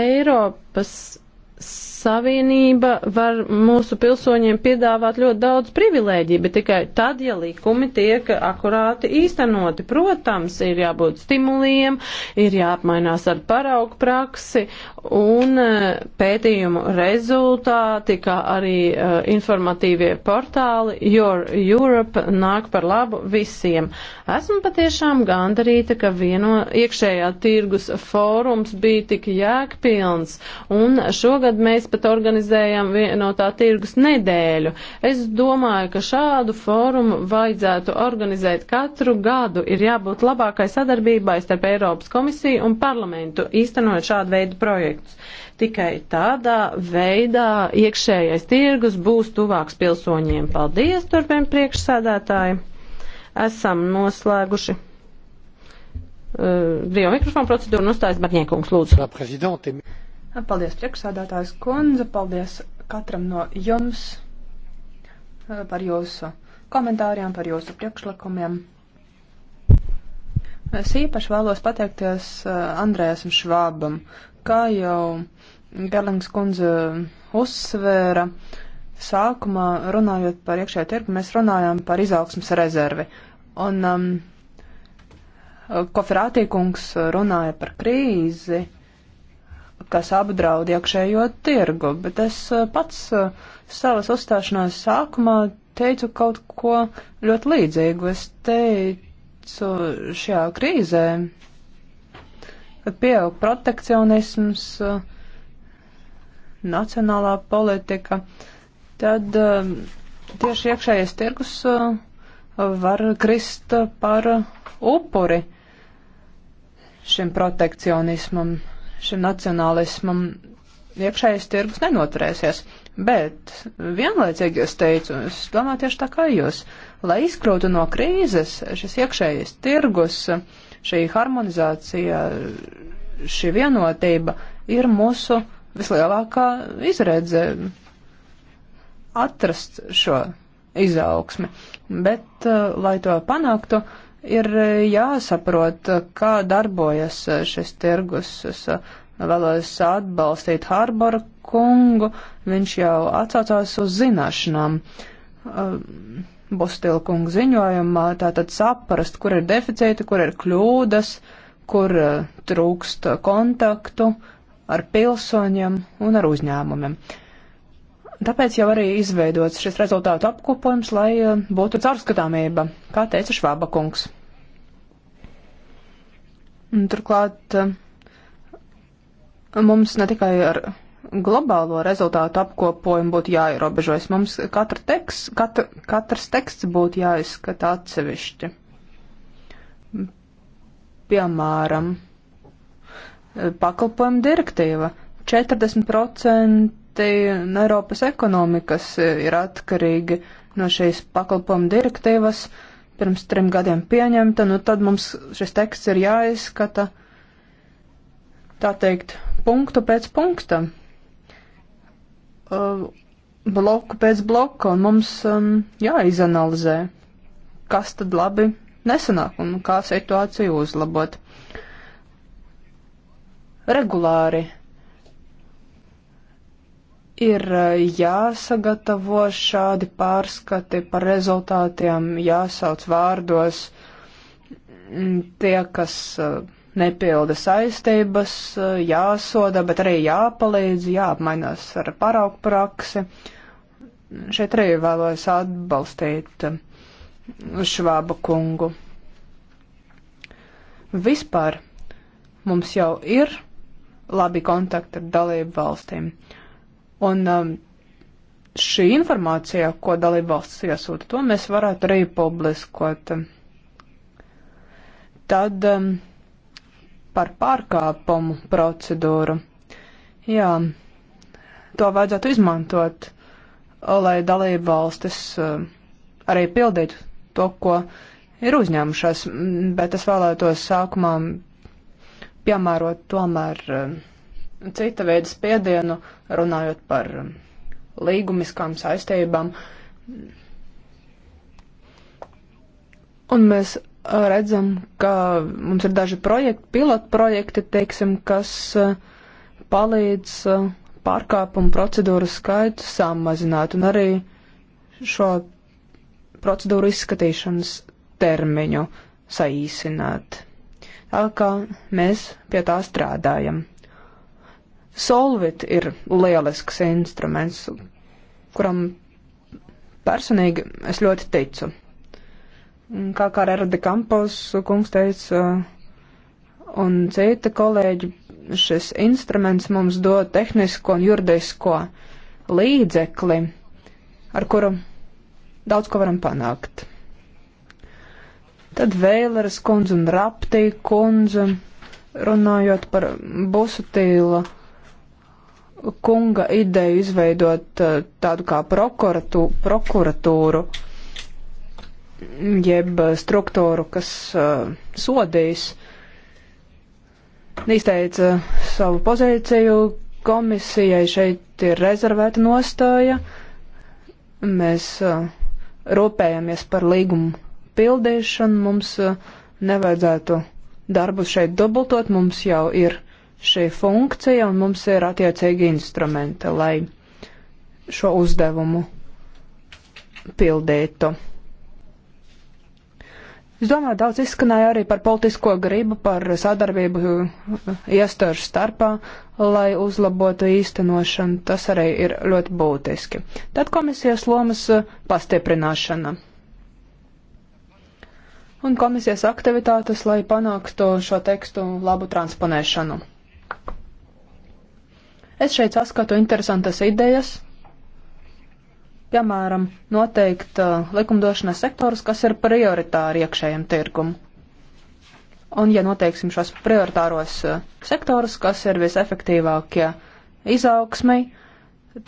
Eiropas Savienība var mūsu pilsoņiem piedāvāt ļoti daudz privilēģiju, bet tikai tad, ja likumi tiek akurāti īstenoti. Protams, ir jābūt stimuliem, ir jāapmainās ar paraugu praksi un e, pētījumu rezultāti, kā arī uh, informatīvie portāli Your Europe nāk par labu visiem. Esmu patiešām gandarīta, ka vieno iekšējā tirgus fórums bija tik jēgpilns un šogad mēs mēs pat organizējam vienotā tirgus nedēļu. Es domāju, ka šādu fórumu vajadzētu organizēt katru gadu. Ir jābūt labākai sadarbībai starp Eiropas komisiju un parlamentu, īstenojot šādu veidu projektus. Tikai tādā veidā iekšējais tirgus būs tuvāks pilsoņiem. Paldies, turpiem priekšsēdētāji. Esam noslēguši uh, brīvā mikrofona procedūra un uzstājas Barņēkungs, lūdzu. Paldies priekšsādātājs kundze, paldies katram no jums eh, par jūsu komentāriem, par jūsu priekšlikumiem. Es īpaši vēlos pateikties eh, Andrēsam Švābam, kā jau Gerlings kundze uzsvēra. Sākumā runājot par iekšējo tirgu, mēs runājām par izaugsmas rezervi. Un um, Koferātīkungs eh, runāja par krīzi kas apdraud iekšējo tirgu, bet es eh, pats eh, savas uzstāšanās sākumā teicu kaut ko ļoti līdzīgu. Es teicu šajā krīzē, kad pieaug protekcionisms, eh, nacionālā politika, tad tieši iekšējais tirgus var krist par upuri šim protekcionismam šim nacionālismam iekšējais tirgus nenoturēsies. Bet vienlaicīgi es teicu, es domāju tieši tā kā jūs, lai izkļūtu no krīzes, šis iekšējais tirgus, šī harmonizācija, šī vienotība ir mūsu vislielākā izredze atrast šo izaugsmi. Bet, eh, lai to panāktu, uh, ir e, jāsaprot, kā darbojas e, šis tirgus. Es e, vēlos atbalstīt Hārboru kungu, viņš jau atsaucās uz zināšanām. Bustila kunga ziņojumā tātad saprast, kur ir deficīti, kur ir kļūdas, kur trūkst kontaktu ar pilsoņiem un ar uzņēmumiem. Uh, Tāpēc jau arī izveidots šis rezultātu apkopojums, lai uh, būtu caurskatāmība, kā teica Švāba kungs. Un, turklāt uh, mums ne tikai ar globālo rezultātu apkopojumu būtu jāierobežojas, mums katra teksts, katra, katrs teksts būtu jāizskata atsevišķi. Piemēram, eh, pakalpojumu direktīva 40% Indija un Eiropas ekonomikas e, ir atkarīgi no šīs pakalpojumu direktīvas pirms trim gadiem pieņemta, nu tad mums šis teksts ir jāizskata, tā teikt, punktu pēc punkta, uh, bloku pēc bloka, un mums um, jāizanalizē, kas tad labi nesanāk un kā situāciju uzlabot. Regulāri ir eh, jāsagatavo šādi pārskati par rezultātiem, jāsauc vārdos mm, tie, kas eh, nepilda saistības, eh, jāsoda, bet arī jāpalīdz, jāapmainās ar paraugu praksi. Šeit arī vēlos atbalstīt Švāba kungu. Vispār mums jau ir labi kontakti ar dalību valstīm. Uh, Un um, šī informācija, ko dalībvalsts iesūta, to mēs varētu arī publiskot. Tad um, par pārkāpumu procedūru. Jā, to vajadzētu izmantot, lai dalībvalstis uh, arī pildītu to, ko ir uzņēmušās, mm, bet es vēlētos sākumā piemērot tomēr. Uh, cita veida spiedienu, runājot par um, līgumiskām saistībām. Un mēs uh, redzam, ka mums ir daži projekti, pilotprojekti, teiksim, kas uh, palīdz uh, pārkāpumu procedūru skaitu samazināt un arī šo procedūru izskatīšanas termiņu saīsināt. Tā kā mēs pie tā strādājam. Solvit ir lielisks instruments, kuram personīgi es ļoti ticu. Kā kā Erdi Kampos kungs teica, un cita kolēģi, šis instruments mums dod tehnisko un juridisko līdzekli, ar kuru daudz ko varam panākt. Tad Vēleres kundze un Raptī kundze runājot par busutīla kunga ideju izveidot eh, tādu kā prokuratū, prokuratūru, jeb struktūru, kas uh, sodīs, izteica savu pozīciju. Komisijai šeit ir rezervēta nostāja. Mēs uh, rūpējamies par līgumu pildīšanu. Mums uh, nevajadzētu darbus šeit dubultot. Mums jau ir šī funkcija, un mums ir attiecīgi instrumenti, lai šo uzdevumu pildītu. Es domāju, daudz izskanēja arī par politisko gribu, par sadarbību uh, iestāžu starpā, lai uzlabotu īstenošanu. Tas arī ir ļoti būtiski. Tad komisijas lomas uh, pastiprināšana. Un komisijas aktivitātes, lai panāktu šo tekstu labu transponēšanu. Es šeit saskatu interesantas idejas, piemēram, noteikt uh, likumdošanas sektorus, kas ir prioritāri iekšējiem tirgumu. Un, ja noteiksim šos prioritāros uh, sektorus, kas ir visefektīvākie izaugsmai,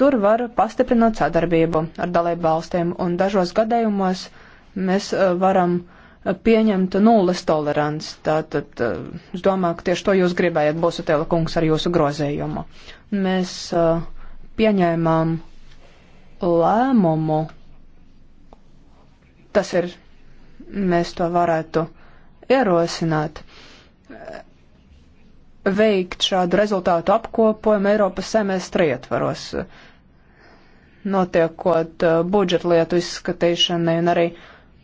tur var pastiprināt sadarbību ar dalību valstīm, un dažos gadījumos mēs uh, varam uh, pieņemta nulles tolerants. Tātad eh, es domāju, ka tieši to jūs gribējat, Bosutēla kungs, ar jūsu grozējumu. Mēs eh, pieņēmām lēmumu, tas ir, mēs to varētu ierosināt, eh, veikt šādu rezultātu apkopojumu Eiropas semestri ietvaros, notiekot budžetlietu izskatīšanai un arī uh,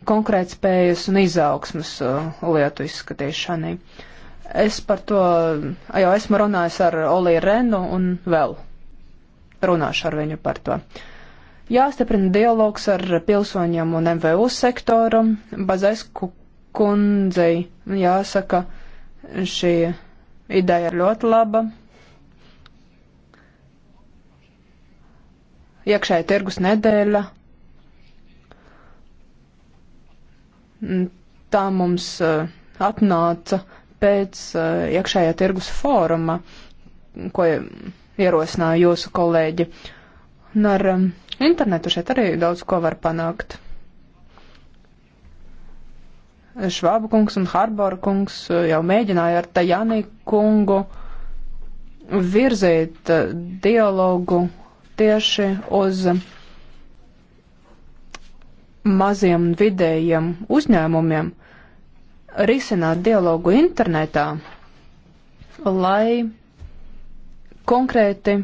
konkurētspējas un izaugsmas uh, lietu izskatīšanai. Es par to jau esmu runājis ar Oliju Renu un vēl runāšu ar viņu par to. Jāstiprina dialogs ar pilsoņiem un MVU sektoru. Bazesku kundzei jāsaka, šī ideja ir ļoti laba. Iekšēja tirgus nedēļa Mm, tā mums eh, atnāca pēc eh, iekšējā tirgus fóruma, ko ierosināja jūsu kolēģi. Un ar mm, internetu šeit arī daudz ko var panākt. Švāba kungs un Harbora kungs eh, jau mēģināja ar Tajani kungu virzīt dialogu tieši uz maziem un vidējiem uzņēmumiem risināt dialogu internetā, lai konkrēti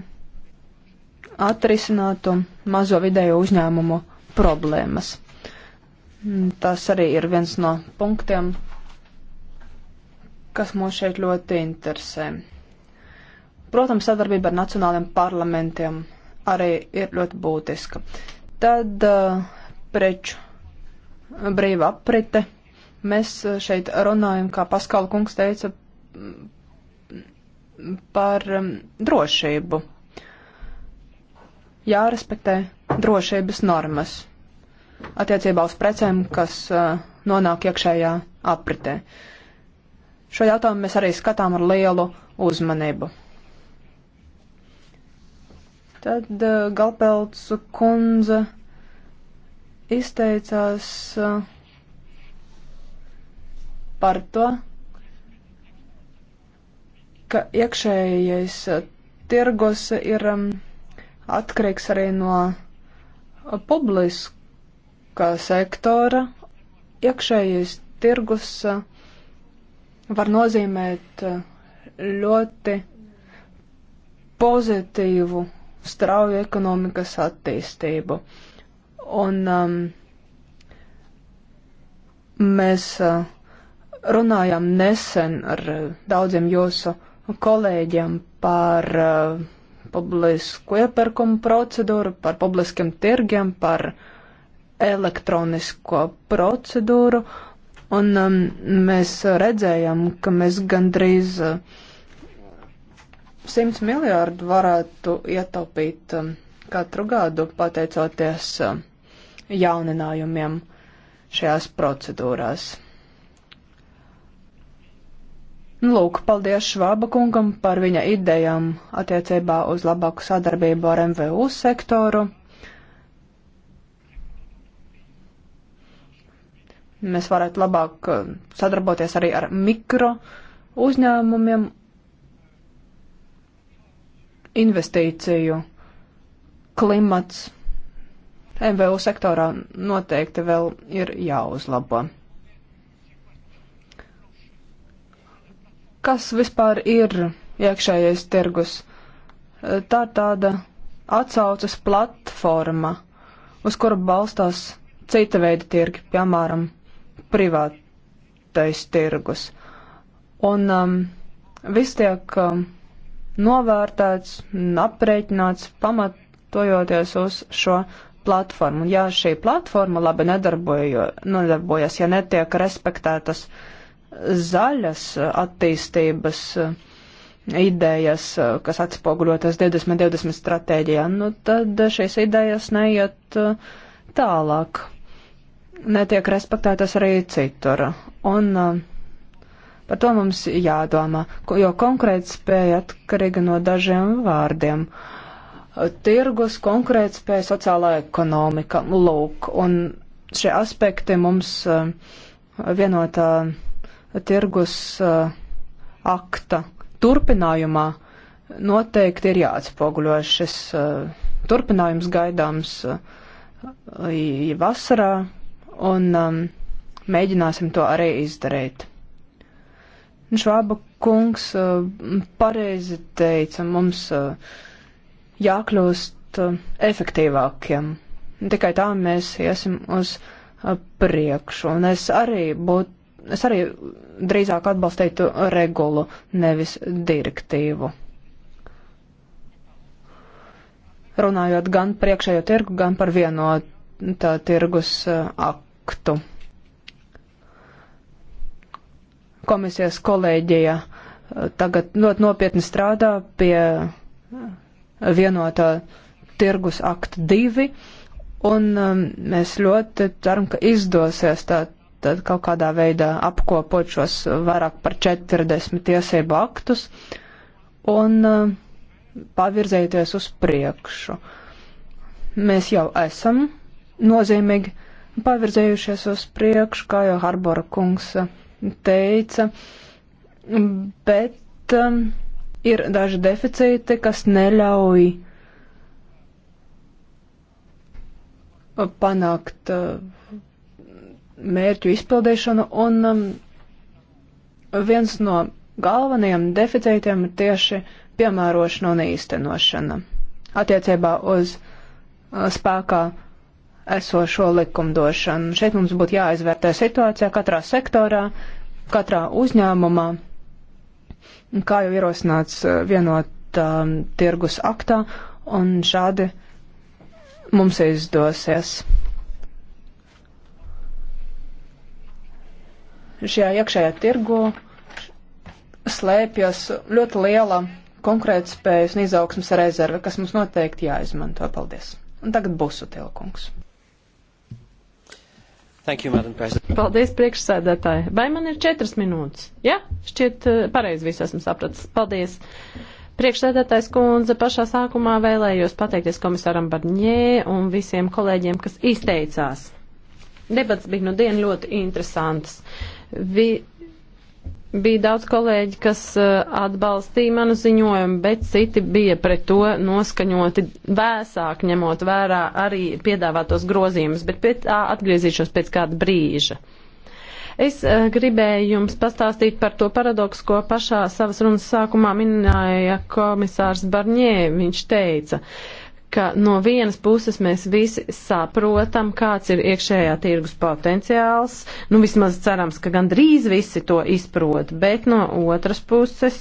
atrisinātu mazo vidējo uzņēmumu problēmas. Tas arī ir viens no punktiem, kas mūs šeit ļoti interesē. Protams, sadarbība ar nacionāliem parlamentiem arī ir ļoti būtiska. Tad uh, preču brīva aprite. Mēs eh, šeit runājam, kā Paskala kungs teica, mm, par mm, drošību. Jārespektē drošības normas attiecībā uz precēm, kas eh, nonāk iekšējā apritē. Šo jautājumu mēs arī skatām ar lielu uzmanību. Tad eh, Galpelts kundze izteicās uh, par to, ka iekšējais uh, tirgus ir um, atkarīgs arī no uh, publiskā sektora. Iekšējais tirgus var nozīmēt ļoti pozitīvu strauju ekonomikas attīstību. Un um, mēs uh, runājām nesen ar uh, daudziem jūsu kolēģiem par uh, publisku iepirkumu procedūru, par publiskiem tirgiem, par elektronisko procedūru. Un um, mēs redzējām, ka mēs gandrīz uh, 100 miljārdu varētu ietaupīt um, katru gadu pateicoties. Uh, jauninājumiem šajās procedūrās. Nu, lūk, paldies Švāba kungam par viņa idejām attiecībā uz labāku sadarbību ar MVU sektoru. Mēs varētu labāk eh, sadarboties arī ar mikro uzņēmumiem, investīciju klimats MVU sektorā noteikti vēl ir jāuzlabo. Kas vispār ir iekšējais tirgus? Tā ir tāda atsaucas platforma, uz kura balstās cita veida tirgi, piemēram, privātais tirgus. Un um, viss tiek um, novērtēts un aprēķināts pamatojoties uz šo platformu. Ja šī platforma labi nedarbojas, ja netiek respektētas zaļas attīstības eh, idejas, eh, kas atspoguļotas 2020 stratēģijā, nu tad šīs idejas neiet eh, tālāk. Netiek respektētas arī citur. Un par to mums jādomā, jo konkrēti spēja atkarīga no dažiem vārdiem. Uh, tirgus, konkurētspēja, sociālā ekonomika. Lūk, un šie aspekti mums eh, vienotā tirgus eh, akta turpinājumā noteikti ir jāatspoguļo šis eh, turpinājums gaidāms vasarā, un um, mēģināsim to arī izdarīt. Švāba kungs pareizi teica, mums uh, jākļūst uh, efektīvākiem. Tikai tā mēs iesim uz uh, priekšu. Un es arī būtu, es arī drīzāk atbalstītu regulu, nevis direktīvu. Runājot gan priekšējo tirgu, gan par vienotā tirgus uh, aktu. Komisijas kolēģija tagad ļoti nopietni strādā pie vienotā tirgus akta divi, un um, mēs ļoti ceram, ka izdosies tā, tad kaut kādā veidā apkopot šos vairāk par 40 tiesību aktus un um, pavirzēties uz priekšu. Mēs jau esam nozīmīgi pavirzējušies uz priekšu, kā jau Harbora kungs teica, bet um, ir daži deficīti, kas neļauj panākt uh, mērķu izpildīšanu, un um, viens no galvenajiem deficītiem ir tieši piemērošana un īstenošana attiecībā uz uh, spēkā esošo likumdošanu. Šeit mums būtu jāizvērtē situācijā katrā sektorā, katrā uzņēmumā kā jau ierosināts eh, vienotā um, ehm, tirgus aktā, un šādi mums izdosies. Šajā iekšējā tirgu slēpjas ļoti liela konkurētspējas un izaugsmas rezerve, kas mums noteikti jāizmanto. Paldies! Un tagad būs utilkums. Thank you, Madam President. Paldies, priekšsēdētāji. Vai man ir četras minūtes? Jā, ja? šķiet eh, pareizi visu esmu sapratis. Paldies. Priekšsēdētājs kundze pašā sākumā vēlējos pateikties komisāram Barņē un visiem kolēģiem, kas izteicās. Debats bija nu no dienu ļoti interesants. Vi, Bija daudz kolēģi, kas uh, atbalstīja manu ziņojumu, bet citi bija pret to noskaņoti vēsāk, ņemot vērā arī piedāvātos grozījumus, bet pie tā atgriezīšos pēc kāda brīža. Es uh, gribēju jums pastāstīt par to paradoksu, ko pašā savas runas sākumā minēja komisārs Barņē. Viņš teica, uh, ka no vienas puses mēs visi saprotam, kāds ir iekšējā tirgus potenciāls, nu vismaz cerams, ka gandrīz visi to izprot, bet no otras puses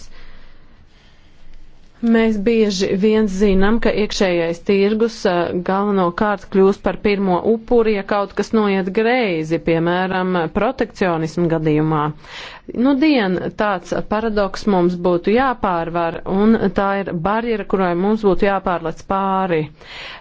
mēs bieži vien zinām, ka iekšējais tirgus eh, galvenokārt kļūst par pirmo upuri, ja kaut kas noiet greizi, piemēram, protekcionismu gadījumā. Nu, dien, tāds paradoks mums būtu jāpārvar, un tā ir barjera, kurai mums būtu jāpārlec pāri.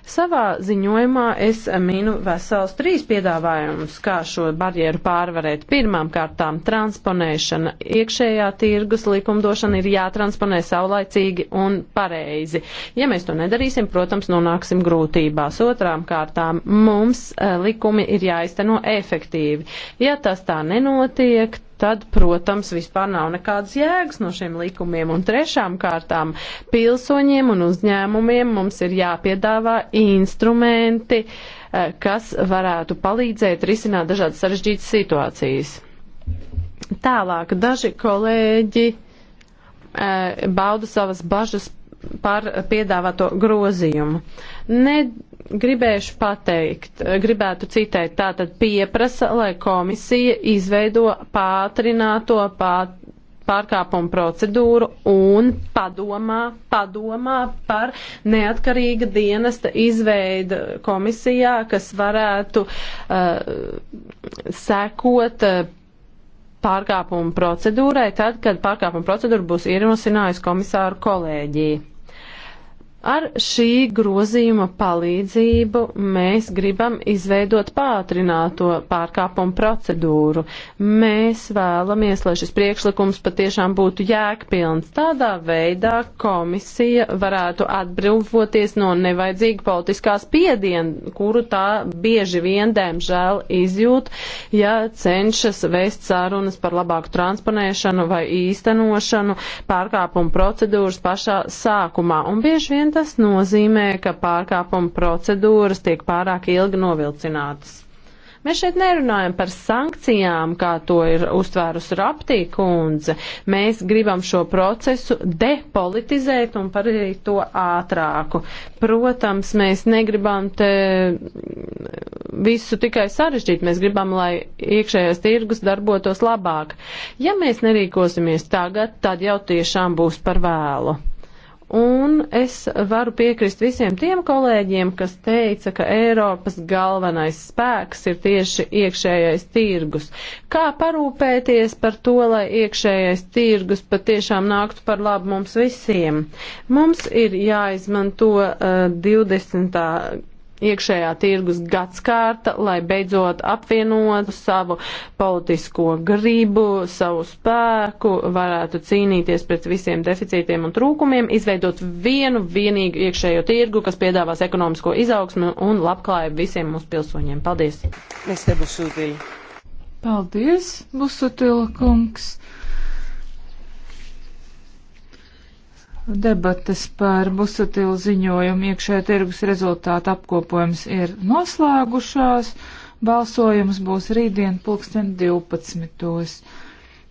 Savā ziņojumā es minu vesels trīs piedāvājumus, kā šo barjeru pārvarēt. Pirmām kārtām transponēšana. Iekšējā tirgus likumdošana ir jātransponē saulaicīgi un pareizi. Ja mēs to nedarīsim, protams, nonāksim grūtībās. Otrām kārtām mums eh, likumi ir jāizteno efektīvi. Ja tas tā nenotiek, tad, protams, vispār nav nekādas jēgas no šiem likumiem. Un trešām kārtām pilsoņiem un uzņēmumiem mums ir jāpiedāvā instrumenti, eh, kas varētu palīdzēt risināt dažādas sarežģītas situācijas. Tālāk daži kolēģi eh, bauda savas bažas par piedāvāto grozījumu. Ne, gribējuši pateikt, gribētu citēt, tātad pieprasa, lai komisija izveido pātrināto pāt, pārkāpumu procedūru un padomā, padomā par neatkarīga dienesta izveidu komisijā, kas varētu uh, sekot uh, pārkāpumu procedūrai, tad, kad pārkāpumu procedūru būs ierosinājusi komisāru kolēģija. Ar šī grozījuma palīdzību mēs gribam izveidot pātrināto pārkāpumu procedūru. Mēs vēlamies, lai šis priekšlikums patiešām būtu jēgpilns. Tādā veidā komisija varētu atbrīvoties no nevajadzīga politiskā spiediena, kuru tā bieži vien, dēmžēl, izjūt, ja cenšas vēst sārunas par labāku transponēšanu vai īstenošanu pārkāpumu procedūras pašā sākumā. Un bieži vien un tas nozīmē, ka pārkāpuma procedūras tiek pārāk ilgi novilcinātas. Mēs šeit nerunājam par sankcijām, kā to ir uztvērusi Raptī kundze. Mēs gribam šo procesu depolitizēt un padarīt to ātrāku. Protams, mēs negribam te visu tikai sarežģīt, mēs gribam, lai iekšējais tirgus darbotos labāk. Ja mēs nerīkosimies tagad, tad jau tiešām būs par vēlu. Un es varu piekrist visiem tiem kolēģiem, kas teica, ka Eiropas galvenais spēks ir tieši iekšējais tirgus. Kā parūpēties par to, lai iekšējais tirgus patiešām nāktu par labu mums visiem? Mums ir jāizmanto uh, eh, 20 iekšējā tirgus gadskārta, lai beidzot apvienotu savu politisko gribu, savu spēku, varētu cīnīties pret visiem deficītiem un trūkumiem, izveidot vienu vienīgu iekšējo tirgu, kas piedāvās ekonomisko izaugsmu un labklājību visiem mūsu pilsoņiem. Paldies! Paldies, Busutila kungs! Debates par busatilu ziņojumu iekšējā tirgus rezultātu apkopojums ir noslēgušās. Balsojums būs rītdien pulksten 12.